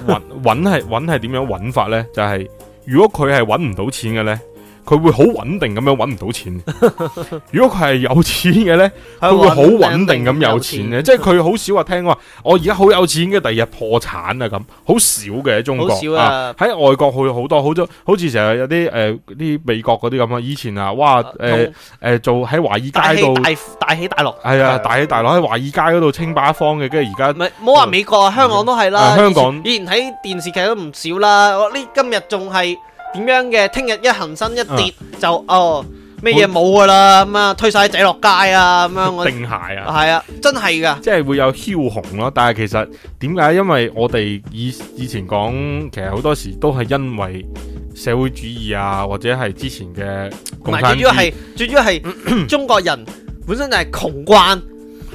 揾揾係揾係點樣揾法咧？就係、是、如果佢係揾唔到錢嘅咧？佢會好穩定咁樣搵唔到錢。如果佢係有錢嘅咧，佢會好穩定咁有錢嘅，即係佢好少話聽話，我而家好有錢嘅，第二日破產啊咁，好少嘅喺中國啊。喺外國去好多，好多，好似成日有啲誒，啲美國嗰啲咁啊。以前啊，哇，誒誒，做喺華爾街度大起大落，係啊，大起大落喺華爾街嗰度稱霸一方嘅，跟住而家唔係，唔好話美國啊，香港都係啦，香港以前喺電視劇都唔少啦，我呢今日仲係。點樣嘅？聽日一恒生一跌就哦，咩嘢冇噶啦咁啊，推晒啲仔落街啊咁樣我定鞋啊係啊，真係噶，即係會有梟雄咯。但係其實點解？因為我哋以以前講，其實好多時都係因為社會主義啊，或者係之前嘅唔係，最主要係最主要係中國人本身就係窮慣。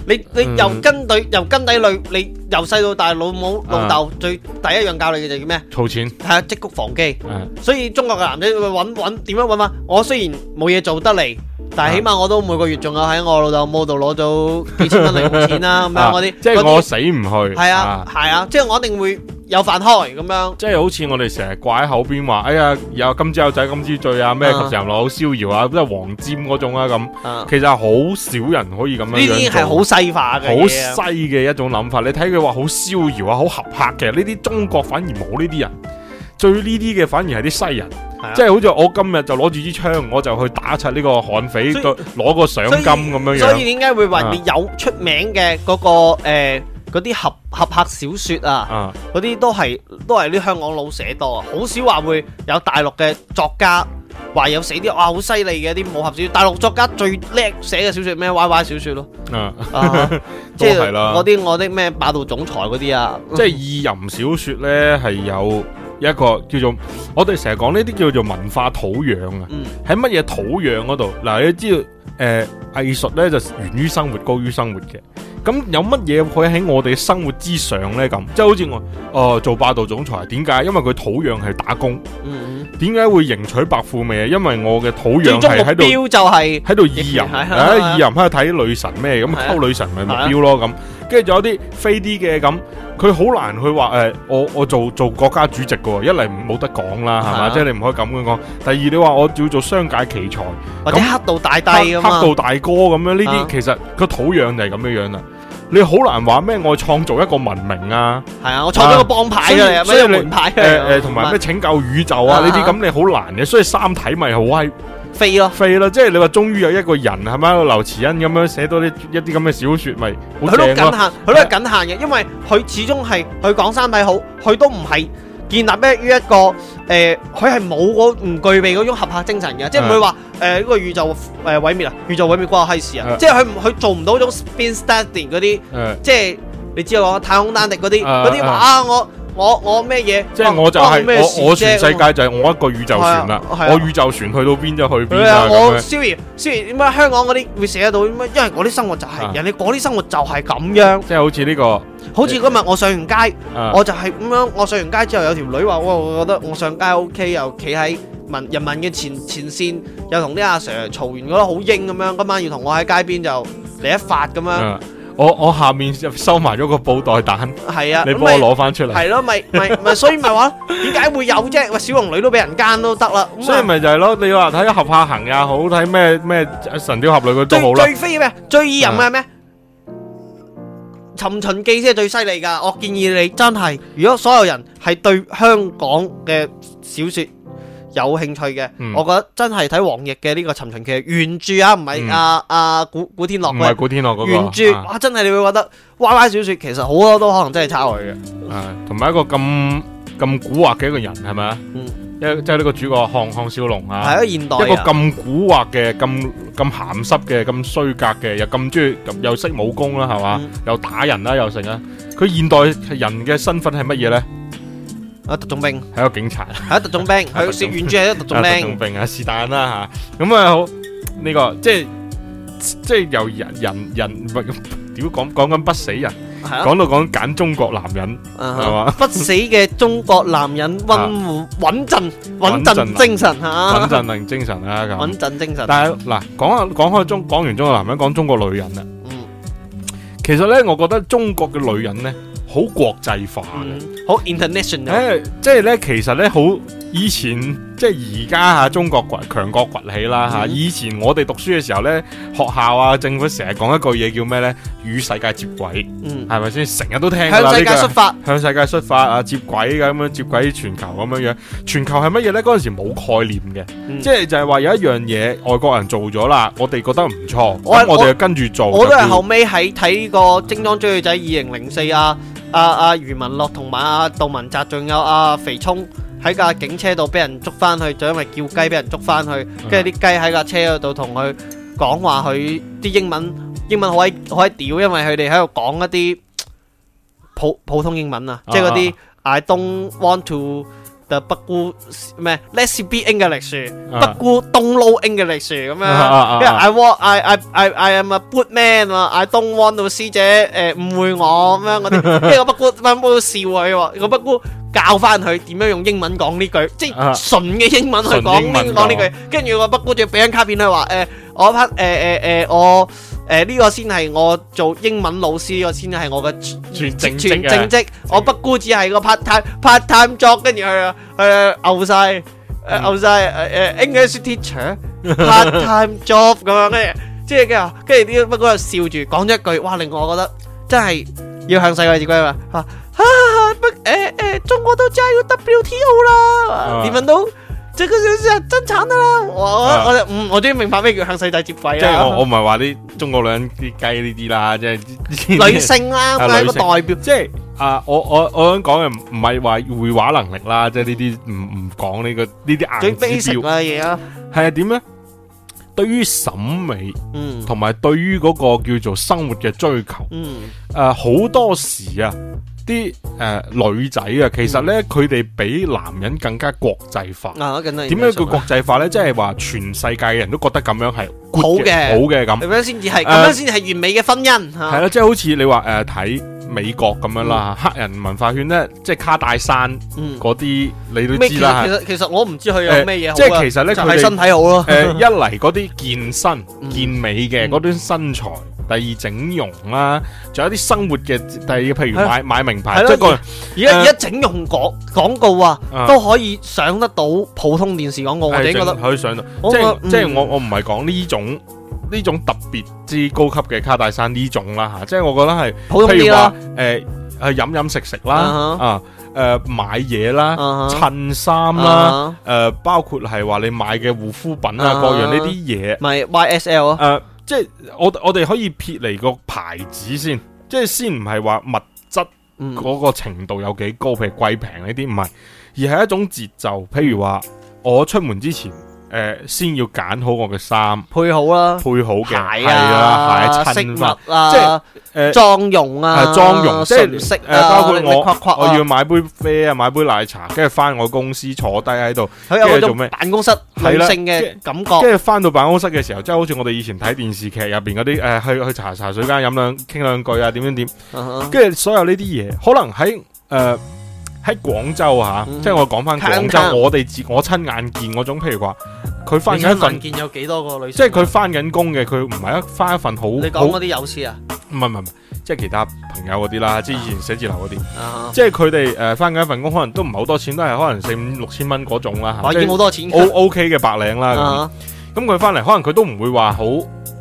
你你由根底由根底累，你由細到大老母老豆最第一樣教你嘅就叫咩？儲錢係積谷防饑。所以中國嘅男仔會搵搵點樣搵法？我雖然冇嘢做得嚟，但係起碼我都每個月仲有喺我老豆老母度攞到幾千蚊嚟儲錢啦。咁樣嗰啲即係我死唔去。係啊係啊，即係我一定會。有飯開咁樣，即係好似我哋成日掛喺口邊話，哎呀有金枝玉仔、金枝最啊，咩及時入好逍遙啊，即係黃霑嗰種啊咁。啊其實好少人可以咁樣。呢啲係好西化嘅，好西嘅一種諗法。你睇佢話好逍遙啊，好合拍。嘅。其實呢啲中國反而冇呢啲人，最呢啲嘅反而係啲西人。啊、即係好似我今日就攞住支槍，我就去打柒呢個悍匪，攞攞以個賞金咁樣，所。所以點解會話你有出名嘅嗰、那個、呃嗯嗰啲俠俠客小説啊，嗰啲，啊，都係都係啲香港佬寫多，啊。好少話會有大陸嘅作家話有寫啲嘩，好犀利嘅啲武俠小説。大陸作家最叻寫嘅小説咩？歪歪小説咯，即係嗰啲我啲咩霸道總裁嗰啲啊。即係意淫小説咧，係有一個叫做我哋成日講呢啲叫做文化土壤啊。喺乜嘢土壤嗰度？嗱，你知道，誒、呃、藝術咧就源於生活，高於生活嘅。咁有乜嘢可喺我哋生活之上咧？咁即係好似我，誒，做霸道總裁，點解？因為佢土壤係打工，點解會迎娶白富美？因為我嘅土壤係喺度，就係喺度意淫，意淫喺度睇女神咩咁，溝女神咪目標咯咁。跟住仲有啲飛啲嘅咁，佢好難去話誒，我我做做國家主席嘅，一嚟冇得講啦，係嘛？即係你唔可以咁樣講。第二，你話我要做商界奇才，或者黑道大帝，黑道大哥咁樣，呢啲其實個土壤就係咁嘅樣啦。你好難話咩？我創造一個文明啊，係啊，我創咗個幫派啊，咩門派嘅？誒誒，同埋咩拯救宇宙啊？呢啲咁你好難嘅，所以三體咪好威飛咯，飛咯，即係你話終於有一個人係咪？劉慈欣咁樣寫多啲一啲咁嘅小說，咪好正咯？佢都緊限，佢都緊限嘅，因為佢始終係佢講三體好，佢都唔係。建立咩於一個誒，佢係冇嗰唔具備嗰種合拍精神嘅，即係唔會話呢個宇宙誒、呃、毀滅啊，宇宙毀滅關我閪事啊即他，即係佢做唔到嗰種 spin standing 嗰啲，啊、即係你知道我講太空單獨嗰啲嗰啲話啊，啊我。我我咩嘢？即係我就係、是、我我全世界就係我一個宇宙船啦。啊啊、我宇宙船去到邊就去邊啊！我 sorry sorry 點解香港嗰啲會寫到？點解？因為我啲生活就係、是啊、人哋嗰啲生活就係咁樣。即係好似呢、這個，好似今日我上完街，啊、我就係咁樣。我上完街之後有條，有條女話，我我覺得我上街 OK，又企喺民人民嘅前前線，又同啲阿 Sir 嘈完，覺得好英咁樣。今晚要同我喺街邊就嚟一發咁、嗯、樣。我我下面收埋咗個布袋彈，係啊，你幫我攞翻出嚟，係咯，咪咪咪，所以咪話點解會有啫？話小龍女都俾人奸都得啦，所以咪就係咯。你話睇俠客行也好，睇咩咩神雕俠侶佢都好啦。最飛咩？最淫嘅咩？尋秦記先係最犀利㗎。我建議你真係，如果所有人係對香港嘅小說。有興趣嘅，嗯、我覺得真係睇黃易嘅呢個《尋秦記》原著啊，唔係阿阿古古天樂、那個，唔係古天樂原著，啊、哇，真係你會覺得歪歪小說其實好多都可能真係抄佢嘅。同埋、啊、一個咁咁古惑嘅一個人係咪啊？即係呢個主角項項少龍啊，係啊，現代一個咁古惑嘅、咁咁鹹濕嘅、咁衰格嘅，又咁中意又識武功啦、啊，係嘛、嗯啊，又打人啦、啊，又成啊！佢現代人嘅身份係乜嘢咧？特種兵，係一個警察，係一個特種兵，佢射遠狙係一個特種兵啊！特種兵啊，是但啦吓，咁啊好呢個，即係即係由人人人點講講緊不死人，講到講揀中國男人係嘛，不死嘅中國男人溫穩陣穩陣精神吓，穩陣定精神啦，穩陣精神。但係嗱，講啊講開中講完中國男人，講中國女人啦。嗯，其實咧，我覺得中國嘅女人咧。好國際化嘅、嗯，好 international。誒、欸，即係咧，其實咧，好以前。即係而家吓中國崛，強國崛起啦吓，以前我哋讀書嘅時候呢，學校啊政府成日講一句嘢叫咩呢？「與世界接軌」，係咪先？成日都聽噶啦。向世界出發，向世界出發啊！接軌咁樣接軌全球咁樣樣，全球係乜嘢呢？嗰陣時冇概念嘅，即係就係話有一樣嘢外國人做咗啦，我哋覺得唔錯，我哋就跟住做。我都係後尾喺睇個《精裝追女仔》二零零四啊，啊，余文樂同埋阿杜汶澤，仲有阿肥聰。喺架警車度俾人捉翻去，就因為叫雞俾人捉翻去，跟住啲雞喺架車嗰度同佢講話，佢啲英文英文好鬼好鬼屌，因為佢哋喺度講一啲普普通英文啊，即係嗰啲 I don't want to the 北姑咩，let's be English，北姑 don't know English 咁樣，跟住 I want I I I I am a good man 啊，I don't want to see 者誒誤會我咁樣，我哋即係我北姑翻波少尉喎，我北姑。教翻佢點樣用英文講呢句，即係純嘅英文去講、啊、英呢句。跟住我北姑住俾張卡片佢話誒，我 part 誒誒誒我誒呢、欸這個先係我做英文老師、這個先係我嘅全全正全正職。正職我北姑只係個 part time part time job，跟住佢話佢話牛晒，誒、嗯、牛曬 English、啊、teacher *laughs* part time job 咁樣嘅，即係佢跟住呢個北姑就笑住講咗一句，哇令我覺得真係要向世界自歸啊嚇！啊啊不，誒誒，中國都加要 WTO 啦，啊、你問到，即個就是正常啦。我、啊、我唔我終於明白咩叫向世界接軌啊。即係我我唔係話啲中國女人啲雞呢啲啦，即係女性啦，係、啊、個代表。即係是啊、呃，我我我想講嘅唔唔係話繪畫能力啦，即係呢啲唔唔講呢個呢啲硬指標。係啊，啊，點咧？對於審美，同埋、嗯、對於嗰個叫做生活嘅追求，誒、嗯呃，好多時啊。啲誒女仔啊，其實咧佢哋比男人更加國際化。點樣叫國際化咧？即係話全世界人都覺得咁樣係好嘅，好嘅。咁樣先至係咁樣先至係完美嘅婚姻。係咯，即係好似你話誒睇美國咁樣啦，黑人文化圈咧，即係卡戴珊嗰啲，你都知啦。其實其實我唔知佢有咩嘢好。即係其實咧，就係身體好咯。誒，一嚟嗰啲健身健美嘅嗰啲身材。第二整容啦，仲有啲生活嘅第二，譬如買買名牌，即係而家而家整容廣廣告啊，都可以上得到普通電視廣告。我哋覺得可以上到，即係即係我我唔係講呢種呢種特別之高級嘅卡戴珊呢種啦吓，即係我覺得係，普通啲啦，誒去飲飲食食啦啊誒買嘢啦，襯衫啦誒，包括係話你買嘅護膚品啊，各樣呢啲嘢，係 YSL 啊。即係我我哋可以撇離個牌子先，即係先唔係話物質嗰個程度有幾高，譬如貴平呢啲唔係，而係一種節奏，譬如話我出門之前。誒、呃，先要揀好我嘅衫，配好啦，配好鞋啊，鞋襯翻啊，即係誒妝容啊，係妝容，即係唔識啊。包括我，挖挖啊、我要買杯啡啊，買杯奶茶，跟住翻我公司坐低喺度，喺度做咩？做辦公室女性嘅感覺。跟住翻到辦公室嘅時候，即、就、係、是、好似我哋以前睇電視劇入邊嗰啲，誒、呃、去去，去茶茶水間飲兩，傾兩句啊，點樣點，跟住、uh huh. 所有呢啲嘢，可能喺誒。呃喺廣州嚇，即係我講翻廣州，我哋自我親眼見嗰種，譬如話佢翻一份，見有幾多個女，即係佢翻緊工嘅，佢唔係一翻一份好，你講啲友誼啊？唔係唔係唔係，即係其他朋友嗰啲啦，即係以前寫字樓嗰啲，即係佢哋誒翻緊一份工，可能都唔係好多錢，都係可能四五六千蚊嗰種啦，嚇。或者好多錢好 OK 嘅白領啦，咁佢翻嚟，可能佢都唔會話好，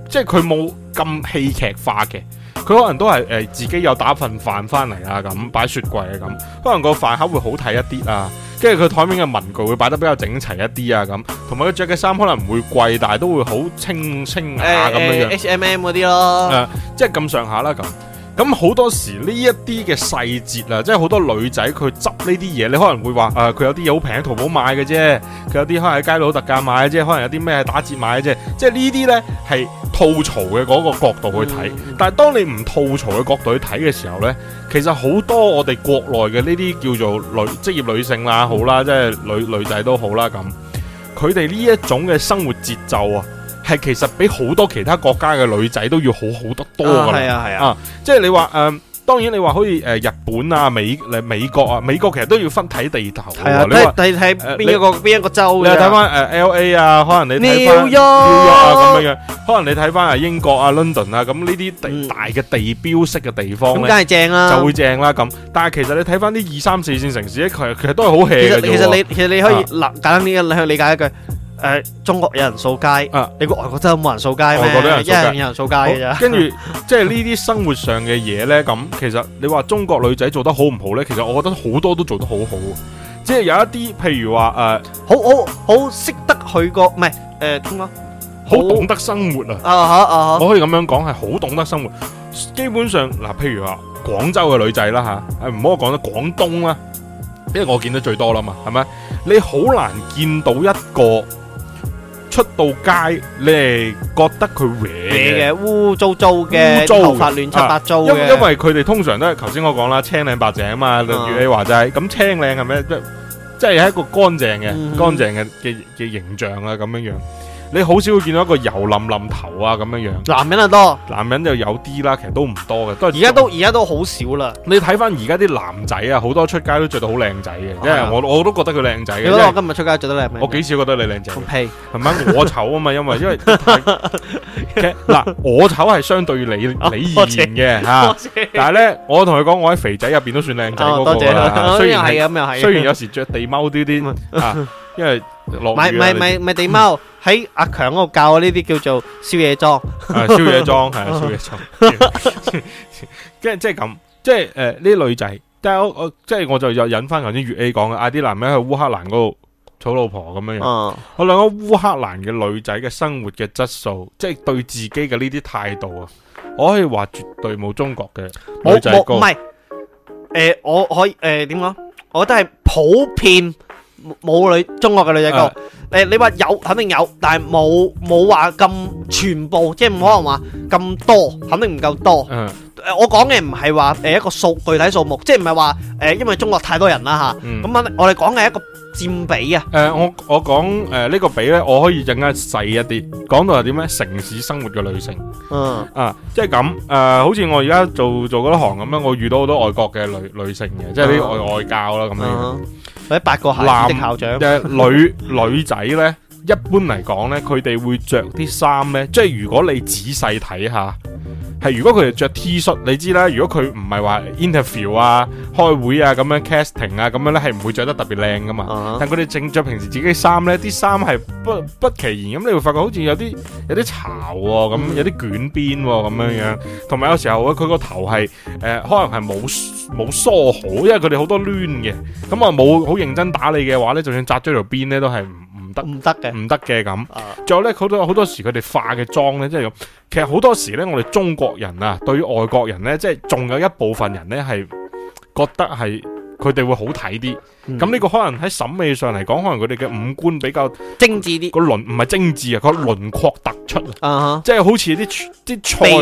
即係佢冇咁戲劇化嘅。佢可能都係誒、呃、自己有打份飯翻嚟啊，咁擺雪櫃啊咁，可能個飯盒會好睇一啲啊，跟住佢台面嘅文具會擺得比較整齊一啲啊咁，同埋佢着嘅衫可能唔會貴，但係都會好清清下咁、欸、樣樣，H&M 嗰啲咯，即係咁上下啦咁。咁好多時呢一啲嘅細節啊，即係好多,多,多女仔佢執呢啲嘢，你可能會話誒，佢、呃、有啲嘢好平喺淘寶買嘅啫，佢有啲可能喺街度特價買嘅啫，可能有啲咩打折買嘅啫，即係呢啲咧係。吐槽嘅嗰個角度去睇，但係當你唔吐槽嘅角度去睇嘅時候呢，其實好多我哋國內嘅呢啲叫做女職業女性啦，好啦，即係女女仔都好啦咁，佢哋呢一種嘅生活節奏啊，係其實比好多其他國家嘅女仔都要好好得多噶啦，係啊，係啊，啊，啊，即係你話誒。呃當然你話可以誒日本啊美美國啊美國其實都要分睇地頭，係啊，都睇睇邊一個邊你一個州嘅、啊。你睇翻誒 LA 啊，可能你睇翻紐約啊咁、啊、樣樣，可能你睇翻係英國啊 London 啊咁呢啲地、嗯、大嘅地標式嘅地方咁梗真係正啦、啊，就會正啦咁。但係其實你睇翻啲二三四線城市咧，其實、啊、其實都係好 hea，其實你其實你可以嗱 *laughs* 簡單啲去理解一句。誒、呃，中國有人掃街啊？你個外國真係冇人掃街？外國都有人掃街。跟住 *laughs* 即係呢啲生活上嘅嘢呢。咁其實你話中國女仔做得好唔好呢？其實我覺得好多都做得好好，即係有一啲譬如話誒、呃，好好好識得佢個唔係誒，點啊？好、呃、懂得生活啊！Uh huh, uh huh. 我可以咁樣講，係好懂得生活。基本上嗱、呃，譬如話廣州嘅女仔啦吓，唔好講到廣東啦，因為我見得最多啦嘛，係咪？你好難見到一個。出到街，你係覺得佢歪嘅、污糟糟嘅、頭髮亂七八糟嘅。因因為佢哋通常都係頭先我講啦，青靚白淨啊嘛，例如你話就係咁青靚係咩？即即係一個乾淨嘅、乾淨嘅嘅嘅形象啦，咁樣樣。你好少會見到一個油淋淋頭啊咁樣樣，男人啊多，男人就有啲啦，其實都唔多嘅，都係而家都而家都好少啦。你睇翻而家啲男仔啊，好多出街都着得好靚仔嘅，因為我我都覺得佢靚仔嘅。你今日出街着得靚唔靚？我幾少都覺得你靚仔。係咪我醜啊嘛？因為因為嗱，我醜係相對你你而言嘅吓，但係咧，我同佢講，我喺肥仔入邊都算靚仔嗰個嘅，雖然係咁又係，雖然有時着地踎啲啲因為。咪咪咪咪，啊、地貓喺 *laughs* 阿強嗰度教我呢啲叫做宵夜裝。啊，宵夜裝係啊，宵夜裝。跟、嗯、住 *laughs* *laughs* 即係咁，即係誒、啲、呃、女仔，但係我我即係我就又引翻頭先粵 A 講嘅，嗌啲男人去烏克蘭嗰度娶老婆咁樣樣。嗯、我兩個烏克蘭嘅女仔嘅生活嘅質素，即係對自己嘅呢啲態度啊，我可以話絕對冇中國嘅女仔高。唔係、嗯，誒、嗯嗯呃，我可以誒點講？我覺得係普遍。冇女，中國嘅女仔高。誒，你話有肯定有，但係冇冇話咁全部，即係唔可能話咁多，肯定唔夠多。誒，我講嘅唔係話誒一個數具體數目，即係唔係話誒，因為中國太多人啦嚇。咁我我哋講嘅一個佔比啊。誒，我我講誒呢個比咧，我可以更加細一啲。講到係點咧？城市生活嘅女性。嗯。啊，即係咁。誒，好似我而家做做嗰行咁樣，我遇到好多外國嘅女女性嘅，即係呢啲外外教啦咁樣。或者八個男的校長，嘅女女仔咧。 *laughs* 一般嚟講咧，佢哋會着啲衫咧，即係如果你仔細睇下，係如果佢哋着 T 恤，shirt，你知啦。如果佢唔係話 interview 啊、開會啊咁樣 casting 啊咁樣咧，係唔會着得特別靚噶嘛。Uh huh. 但佢哋正着平時自己衫咧，啲衫係不不其然咁，你會發覺好似有啲有啲巢咁，有啲捲邊咁樣樣。同埋、啊、有，有時候佢佢個頭係誒、呃，可能係冇冇梳好，因為佢哋好多攣嘅。咁啊，冇好認真打理嘅話咧，就算紮咗條辮咧，都係唔。唔得嘅，唔得嘅咁。仲有咧，好多好多時，佢哋化嘅妝咧，即係咁。其實好多時咧，我哋中國人啊，對於外國人咧，即係仲有一部分人咧，係覺得係佢哋會好睇啲。咁呢、嗯、個可能喺審美上嚟講，可能佢哋嘅五官比較精緻啲，個輪唔係精緻啊，個輪廓突出啊，即係、就是、好似啲啲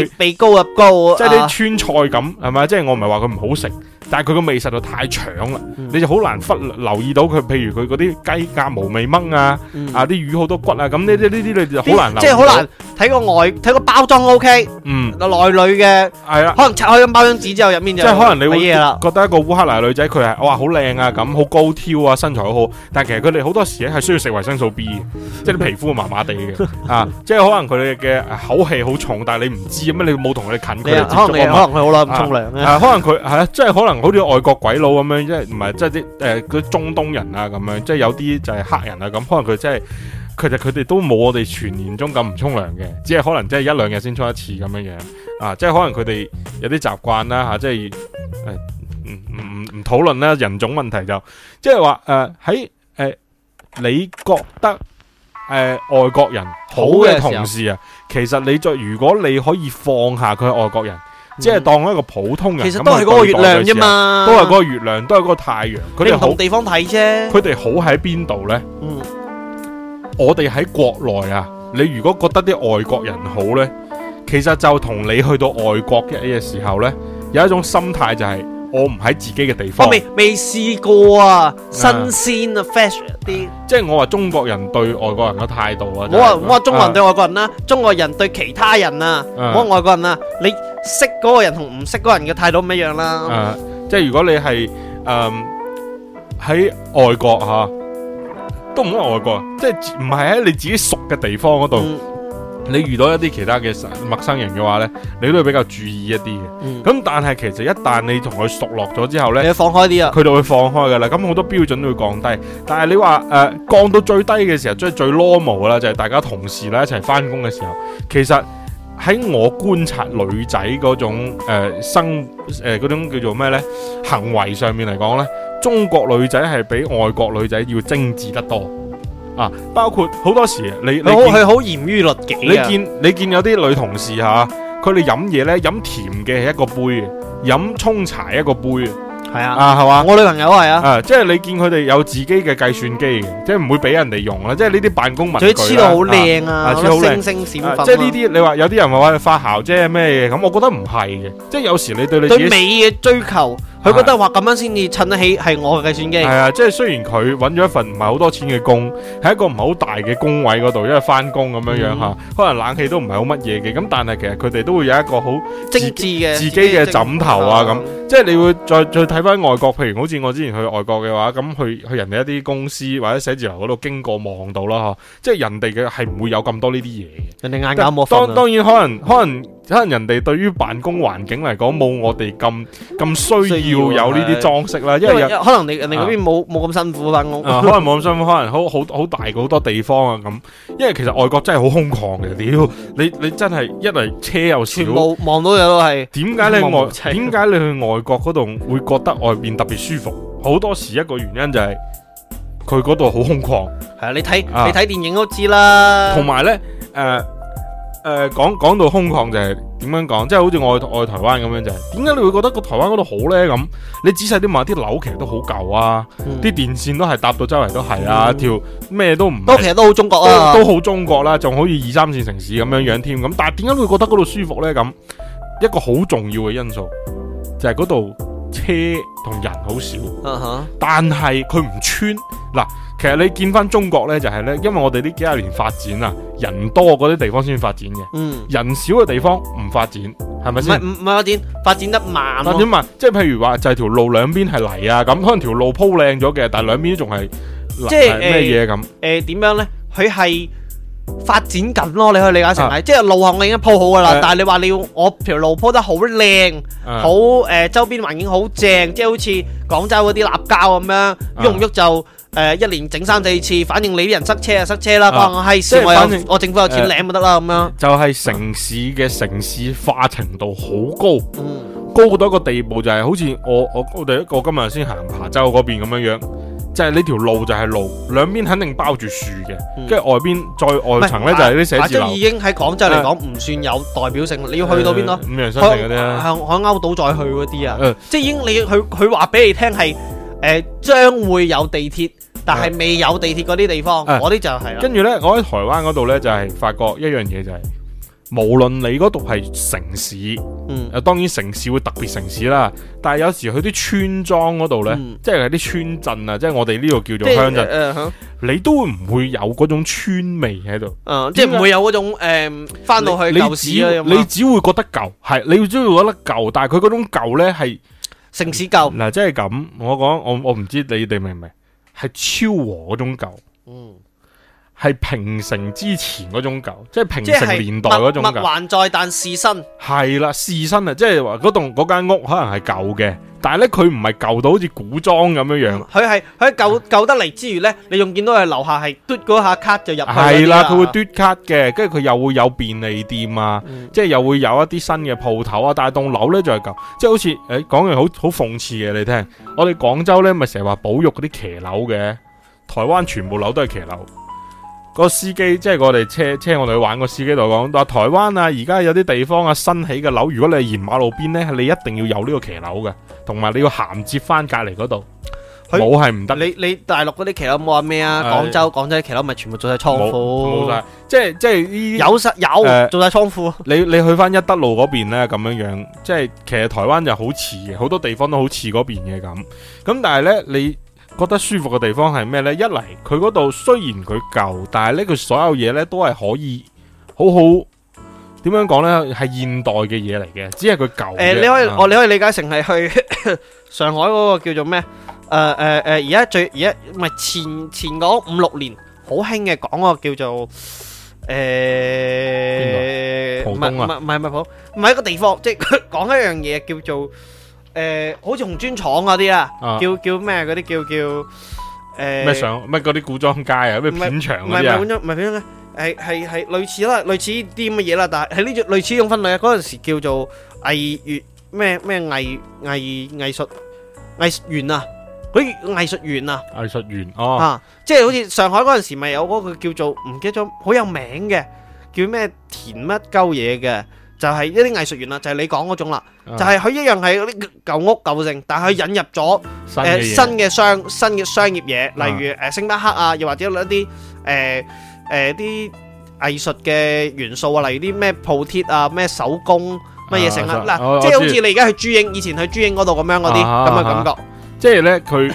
菜，鼻高啊高，即係啲川菜咁，係咪？即係我唔係話佢唔好食。但係佢個味實在太長啦，你就好難忽留意到佢，譬如佢嗰啲雞鴨無味掹啊，啊啲魚好多骨啊，咁呢呢呢啲你就好難，即係好難睇個外睇個包裝 O K，嗯，內裏嘅係啊，可能拆開個包裝紙之後入面，即係可能你會覺得一個烏克蘭女仔佢係哇好靚啊，咁好高挑啊，身材好好，但係其實佢哋好多時咧係需要食維生素 B，即係啲皮膚麻麻地嘅啊，即係可能佢哋嘅口氣好重，但係你唔知咁，你冇同佢近佢接觸，可能佢好耐唔沖涼，可能佢係咧，即係可能。好似外國鬼佬咁樣，即係唔係即係啲誒佢中東人啊咁樣，即係有啲就係黑人啊咁，可能佢真係其實佢哋都冇我哋全年中咁唔沖涼嘅，只係可能即係一兩日先沖一次咁樣樣啊，即係可能佢哋有啲習慣啦吓，即係誒，唔唔唔討論啦人種問題就即係話誒喺誒，你覺得誒、呃、外國人好嘅同事啊，事其實你再如果你可以放下佢係外國人。即係當一個普通人，其實都係嗰個月亮啫嘛，都係嗰個月亮，都係嗰個太陽，佢哋唔同地方睇啫。佢哋好喺邊度呢？嗯，我哋喺國內啊，你如果覺得啲外國人好呢，其實就同你去到外國嘅嘅時候呢，有一種心態就係、是。我唔喺自己嘅地方我未，未未試過啊！新鮮啊、uh,，fresh 啲、啊。即係我話中國人對外國人嘅態度啊。我話我話中國人對外國人啦、啊，uh, 中國人對其他人啊，uh, 我話外國人啊。你識嗰個人同唔識嗰人嘅態度唔一樣啦。即係如果你係誒喺外國吓、啊，都唔好外國，即係唔係喺你自己熟嘅地方嗰度。嗯你遇到一啲其他嘅陌生人嘅話呢，你都會比較注意一啲嘅。咁、嗯、但係其實一旦你同佢熟落咗之後呢，你要放開啲啊，佢就會放開噶啦。咁好多標準都會降低。但係你話誒、呃、降到最低嘅時候，即、就、係、是、最 normal 啦，就係大家同事咧一齊返工嘅時候。其實喺我觀察女仔嗰種、呃、生誒嗰、呃、種叫做咩呢？行為上面嚟講呢，中國女仔係比外國女仔要精緻得多。啊！包括好多時你，你你佢好嚴於律己你見你見,你見有啲女同事嚇，佢、啊、哋飲嘢咧飲甜嘅係一個杯，飲沖茶一個杯，係啊啊係嘛？我女朋友係啊,啊，即係你見佢哋有自己嘅計算機嘅，即係唔會俾人哋用啦，即係呢啲辦公文具黐到好靚啊，星星閃，閃即係呢啲你話有啲人話發姣即啫咩咁？啊、我覺得唔係嘅，即係有,有時你對你對美嘅追求。佢覺得話咁樣先至襯得起係我嘅算機。係啊，即係雖然佢揾咗一份唔係好多錢嘅工，喺一個唔係好大嘅工位嗰度，因為翻工咁樣樣嚇、嗯啊，可能冷氣都唔係好乜嘢嘅。咁但係其實佢哋都會有一個好精緻嘅自己嘅枕頭啊，咁即係你會再再睇翻外國，譬如好似我之前去外國嘅話，咁去去人哋一啲公司或者寫字樓嗰度經過望到啦，嚇、啊，即係人哋嘅係唔會有咁多呢啲嘢。人哋更加當然，可能可能。嗯可能人哋對於辦公環境嚟講，冇我哋咁咁需要有呢啲裝飾啦。因為，的因為可能你人哋嗰邊冇冇咁辛苦啦。工、啊，可能冇咁辛苦，可能好好好大好多地方啊咁。因為其實外國真係好空曠嘅，屌你你真係一嚟車又少，全部望到都係。點解你外？點解你去外國嗰度會覺得外面特別舒服？好多時一個原因就係佢嗰度好空曠。係啊，你睇你睇電影都知啦。同埋咧，誒。誒，講講、呃、到空曠就係點樣講，即係好似我我台灣咁樣就係、是，點解你會覺得個台灣嗰度好呢？咁？你仔細啲問，啲樓其實都好舊啊，啲、嗯、電線都係搭到周圍都係啊，條咩、嗯、都唔都其實都好中國啊，啊都好中國啦、啊，仲好似二三線城市咁樣樣添。咁、嗯、但係點解你會覺得嗰度舒服呢？咁？一個好重要嘅因素就係嗰度車同人好少，啊、哈但係佢唔穿嗱。其實你見翻中國咧，就係咧，因為我哋呢幾廿年發展啊，人多嗰啲地方先發展嘅，嗯，人少嘅地方唔發展，係咪先？唔唔發展，發展得慢。發展慢，即係譬如話，就係、是、條路兩邊係泥啊，咁可能條路鋪靚咗嘅，但係兩邊都仲係即係咩嘢咁？誒，點樣咧？佢係、呃呃、發展緊咯，你可以理解成係，啊、即係路行我已經鋪好噶啦，啊、但係你話你要我條路鋪得好靚，好誒、啊嗯呃、周邊環境好正，即係好似廣州嗰啲立交咁樣，喐唔喐就。嗯嗯誒，一年整三四次，反正你啲人塞車啊，塞車啦。我係，所以我政府有錢領就得啦，咁樣。就係城市嘅城市化程度好高，高到一個地步，就係好似我我我哋一個今日先行琶洲嗰邊咁樣樣，即係呢條路就係路，兩邊肯定包住樹嘅，跟住外邊再外層咧就係啲寫字樓。已經喺廣州嚟講唔算有代表性，你要去到邊咯？五羊新城嗰啲，向海鷗島再去嗰啲啊，即係已經你佢佢話俾你聽係誒，將會有地鐵。但係未有地鐵嗰啲地方，嗰啲就係啦。跟住咧，我喺台灣嗰度咧，就係發覺一樣嘢就係，無論你嗰度係城市，嗯，當然城市會特別城市啦。但係有時去啲村莊嗰度咧，即係啲村鎮啊，即係我哋呢度叫做鄉鎮，你都唔會有嗰種村味喺度。嗯，即係唔會有嗰種誒，翻到去舊市啊，你只會覺得舊，係你只會覺得舊。但係佢嗰種舊咧係城市舊。嗱，即係咁，我講我我唔知你哋明唔明？係超和嗰種狗。 *noise* 係平成之前嗰種舊，即係平成年代嗰種舊，還在，但事新。係啦，事新啊，即係話嗰棟嗰間屋可能係舊嘅，但係咧佢唔係舊到好似古裝咁樣樣，佢係佢舊，嗯、舊得嚟之餘咧，你仲見到佢樓下係嘟嗰下卡就入去，係啦，佢會嘟卡嘅，跟住佢又會有便利店啊，嗯、即係又會有一啲新嘅鋪頭啊，但係棟樓咧就係舊，即係好似誒講句好好諷刺嘅你聽，我哋廣州咧咪成日話保育嗰啲騎樓嘅，台灣全部樓都係騎樓。個司機即係我哋車車我哋去玩，那個司機度講，話台灣啊，而家有啲地方啊新起嘅樓，如果你沿馬路邊咧，你一定要有呢個騎樓嘅，同埋你要銜接翻隔籬嗰度，冇係唔得。你你大陸嗰啲騎樓冇話咩啊？廣州、哎、廣州啲騎樓咪全部做晒倉庫，冇晒，即係即係有實有、呃、做晒倉庫。你你去翻一德路嗰邊呢，咁樣樣，即係其實台灣就好似好多地方都好似嗰邊嘅咁，咁但係呢，你。覺得舒服嘅地方係咩咧？一嚟佢嗰度雖然佢舊，但係咧佢所有嘢咧都係可以好好點樣講咧？係現代嘅嘢嚟嘅，只係佢舊。誒，你可以我你可以理解成係去上海嗰個叫做咩？誒誒誒，而家最而家唔係前前嗰五六年好興嘅講個叫做誒，浦東啊，唔係唔係浦東，唔係一個地方，即係講一樣嘢叫做。誒、呃，好似紅磚廠嗰啲啊，啊叫叫咩嗰啲叫叫誒，咩、呃、上咩嗰啲古裝街啊，咩片場嗰啲啊，唔係唔係古係係係類似啦、啊，類似啲咁嘅嘢啦，但係喺呢種類似呢種分類啊，嗰陣時叫做藝術咩咩藝藝藝術藝員啊，嗰啲藝術員啊，藝術員哦，啊，即係好似上海嗰陣時咪有嗰個叫做唔記得咗，好有名嘅叫咩田乜鳩嘢嘅。就係一啲藝術元素，就係你講嗰種啦。就係佢一樣係嗰啲舊屋舊剩，但係佢引入咗誒新嘅商新嘅商業嘢，例如誒星巴克啊，又或者一啲誒誒啲藝術嘅元素啊，例如啲咩鋪鐵啊、咩手工乜嘢成啦。嗱，即係好似你而家去珠影，以前去珠影嗰度咁樣嗰啲咁嘅感覺。即係咧，佢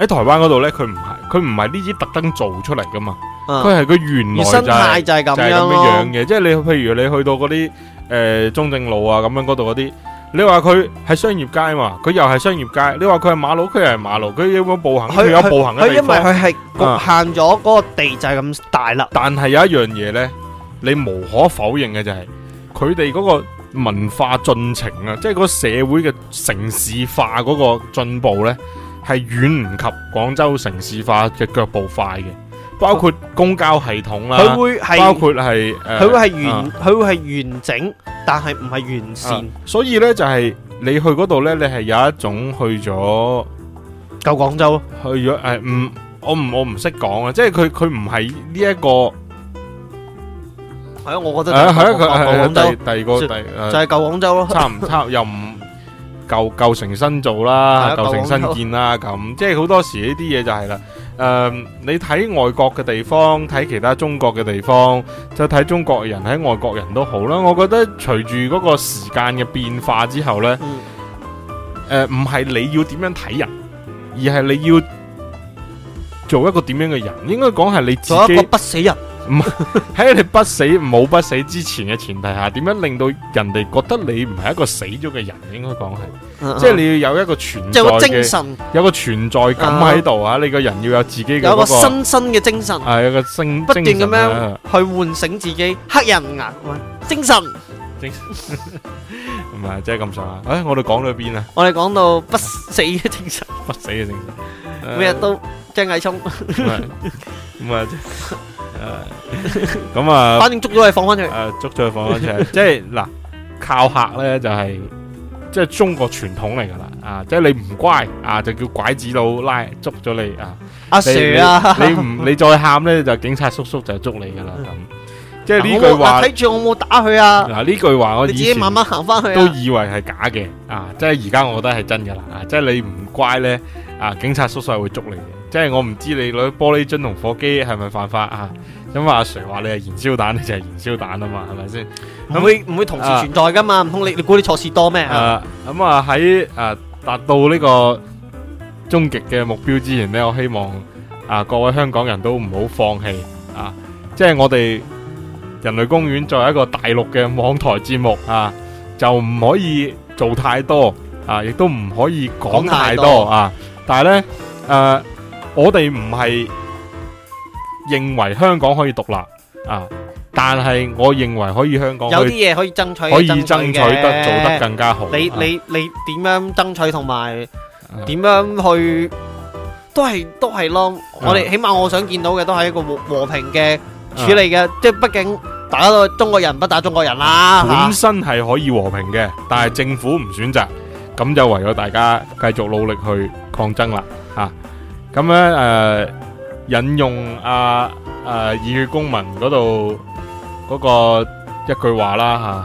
喺台灣嗰度咧，佢唔係佢唔係呢啲特登做出嚟噶嘛。佢係個原生態就係咁樣嘅。即係你譬如你去到嗰啲。誒、呃、中正路啊，咁樣嗰度嗰啲，你話佢係商業街嘛？佢又係商業街，你話佢係馬路，佢又係馬路，佢有冇步行？佢有步行嘅地方。佢因為佢係局限咗嗰個地就係咁大啦、嗯。但係有一樣嘢呢，你無可否認嘅就係、是，佢哋嗰個文化進程啊，即係嗰個社會嘅城市化嗰個進步呢，係遠唔及廣州城市化嘅腳步快嘅。包括公交系統啦，佢會係包括係，佢會係完，佢會係完整，但係唔係完善。所以咧就係你去嗰度咧，你係有一種去咗舊廣州咯，去咗誒，唔我唔我唔識講啊，即係佢佢唔係呢一個係啊，我覺得係啊，佢係舊廣州，第二個第就係舊廣州咯，差唔差又唔舊舊成新做啦，舊成新建啦，咁即係好多時呢啲嘢就係啦。誒、嗯，你睇外國嘅地方，睇其他中國嘅地方，就睇中國人喺外國人都好啦。我覺得隨住個時間嘅變化之後咧，誒、嗯呃，唔係你要點樣睇人，而係你要做一個點樣嘅人，應該講係你自己做一個不死人。唔喺你不死冇不死之前嘅前提下，點樣令到人哋覺得你唔係一個死咗嘅人？應該講係，即係你要有一個存在嘅精神，有個存在感喺度啊！你個人要有自己嘅有個新生嘅精神，係有個性不斷咁樣去喚醒自己，黑人牙關精神。唔係，即係咁上啊！哎，我哋講到邊啊？我哋講到不死嘅精神，不死嘅精神，每日都即係矮衝咁啊！咁啊，反正捉咗你放翻出嚟，捉咗佢放翻出嚟，即係嗱，靠客咧就係即係中國傳統嚟噶啦，啊，即係你唔乖啊，就叫拐子佬拉捉咗你啊，阿 Sir 啊，你唔你再喊咧，就警察叔叔就捉你噶啦咁。即係呢句話，睇住我冇打佢啊！嗱，呢句話我自己慢慢行返去，啊，都以為係假嘅啊，即係而家我覺得係真噶啦，啊。即係你唔乖咧啊，警察叔叔係會捉你嘅。即係我唔知你攞玻璃樽同火機係咪犯法啊？因為阿 Sir 話你係燃燒彈，你就係燃燒彈啊嘛，係咪先？唔會唔會同時存在噶嘛？唔通你你估你錯事多咩啊？咁啊，喺啊達到呢個終極嘅目標之前咧，我希望啊各位香港人都唔好放棄啊！即係我哋。人類公園作為一個大陸嘅網台節目啊，就唔可以做太多啊，亦都唔可以講太多啊。但係呢，誒，我哋唔係認為香港可以獨立啊，但係我認為可以香港有啲嘢可以爭取，可以爭取得做得更加好。你你你點樣爭取同埋點樣去都係都係咯。我哋起碼我想見到嘅都係一個和和平嘅處理嘅，即係畢竟打到中國人不打中國人啦。本身係可以和平嘅，但係政府唔選擇，咁就為咗大家繼續努力去抗爭啦。吓，咁咧，誒，引用啊，誒熱血公民嗰度嗰個一句話啦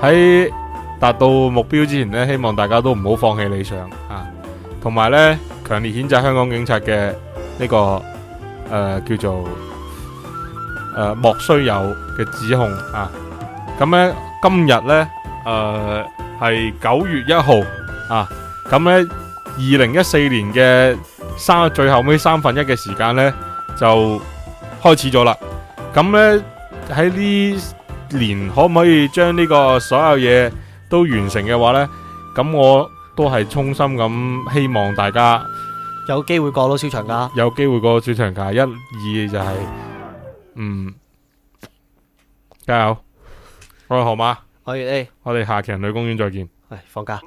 吓，喺達到目標之前咧，希望大家都唔好放棄理想啊，同埋咧強烈譴責香港警察嘅呢個誒叫做。誒，莫須有嘅指控啊！咁咧，今日咧，誒，係九月一號啊！咁咧，二零一四年嘅三最後尾三分一嘅時間咧，就開始咗啦。咁咧喺呢年可唔可以將呢個所有嘢，都完成嘅話咧，咁我都係衷心咁希望大家有機會過到小長假，有機會過小長假，一、二就係。嗯，加油！我係河馬，我係 A，我哋下期人類公園再見。唉，放假。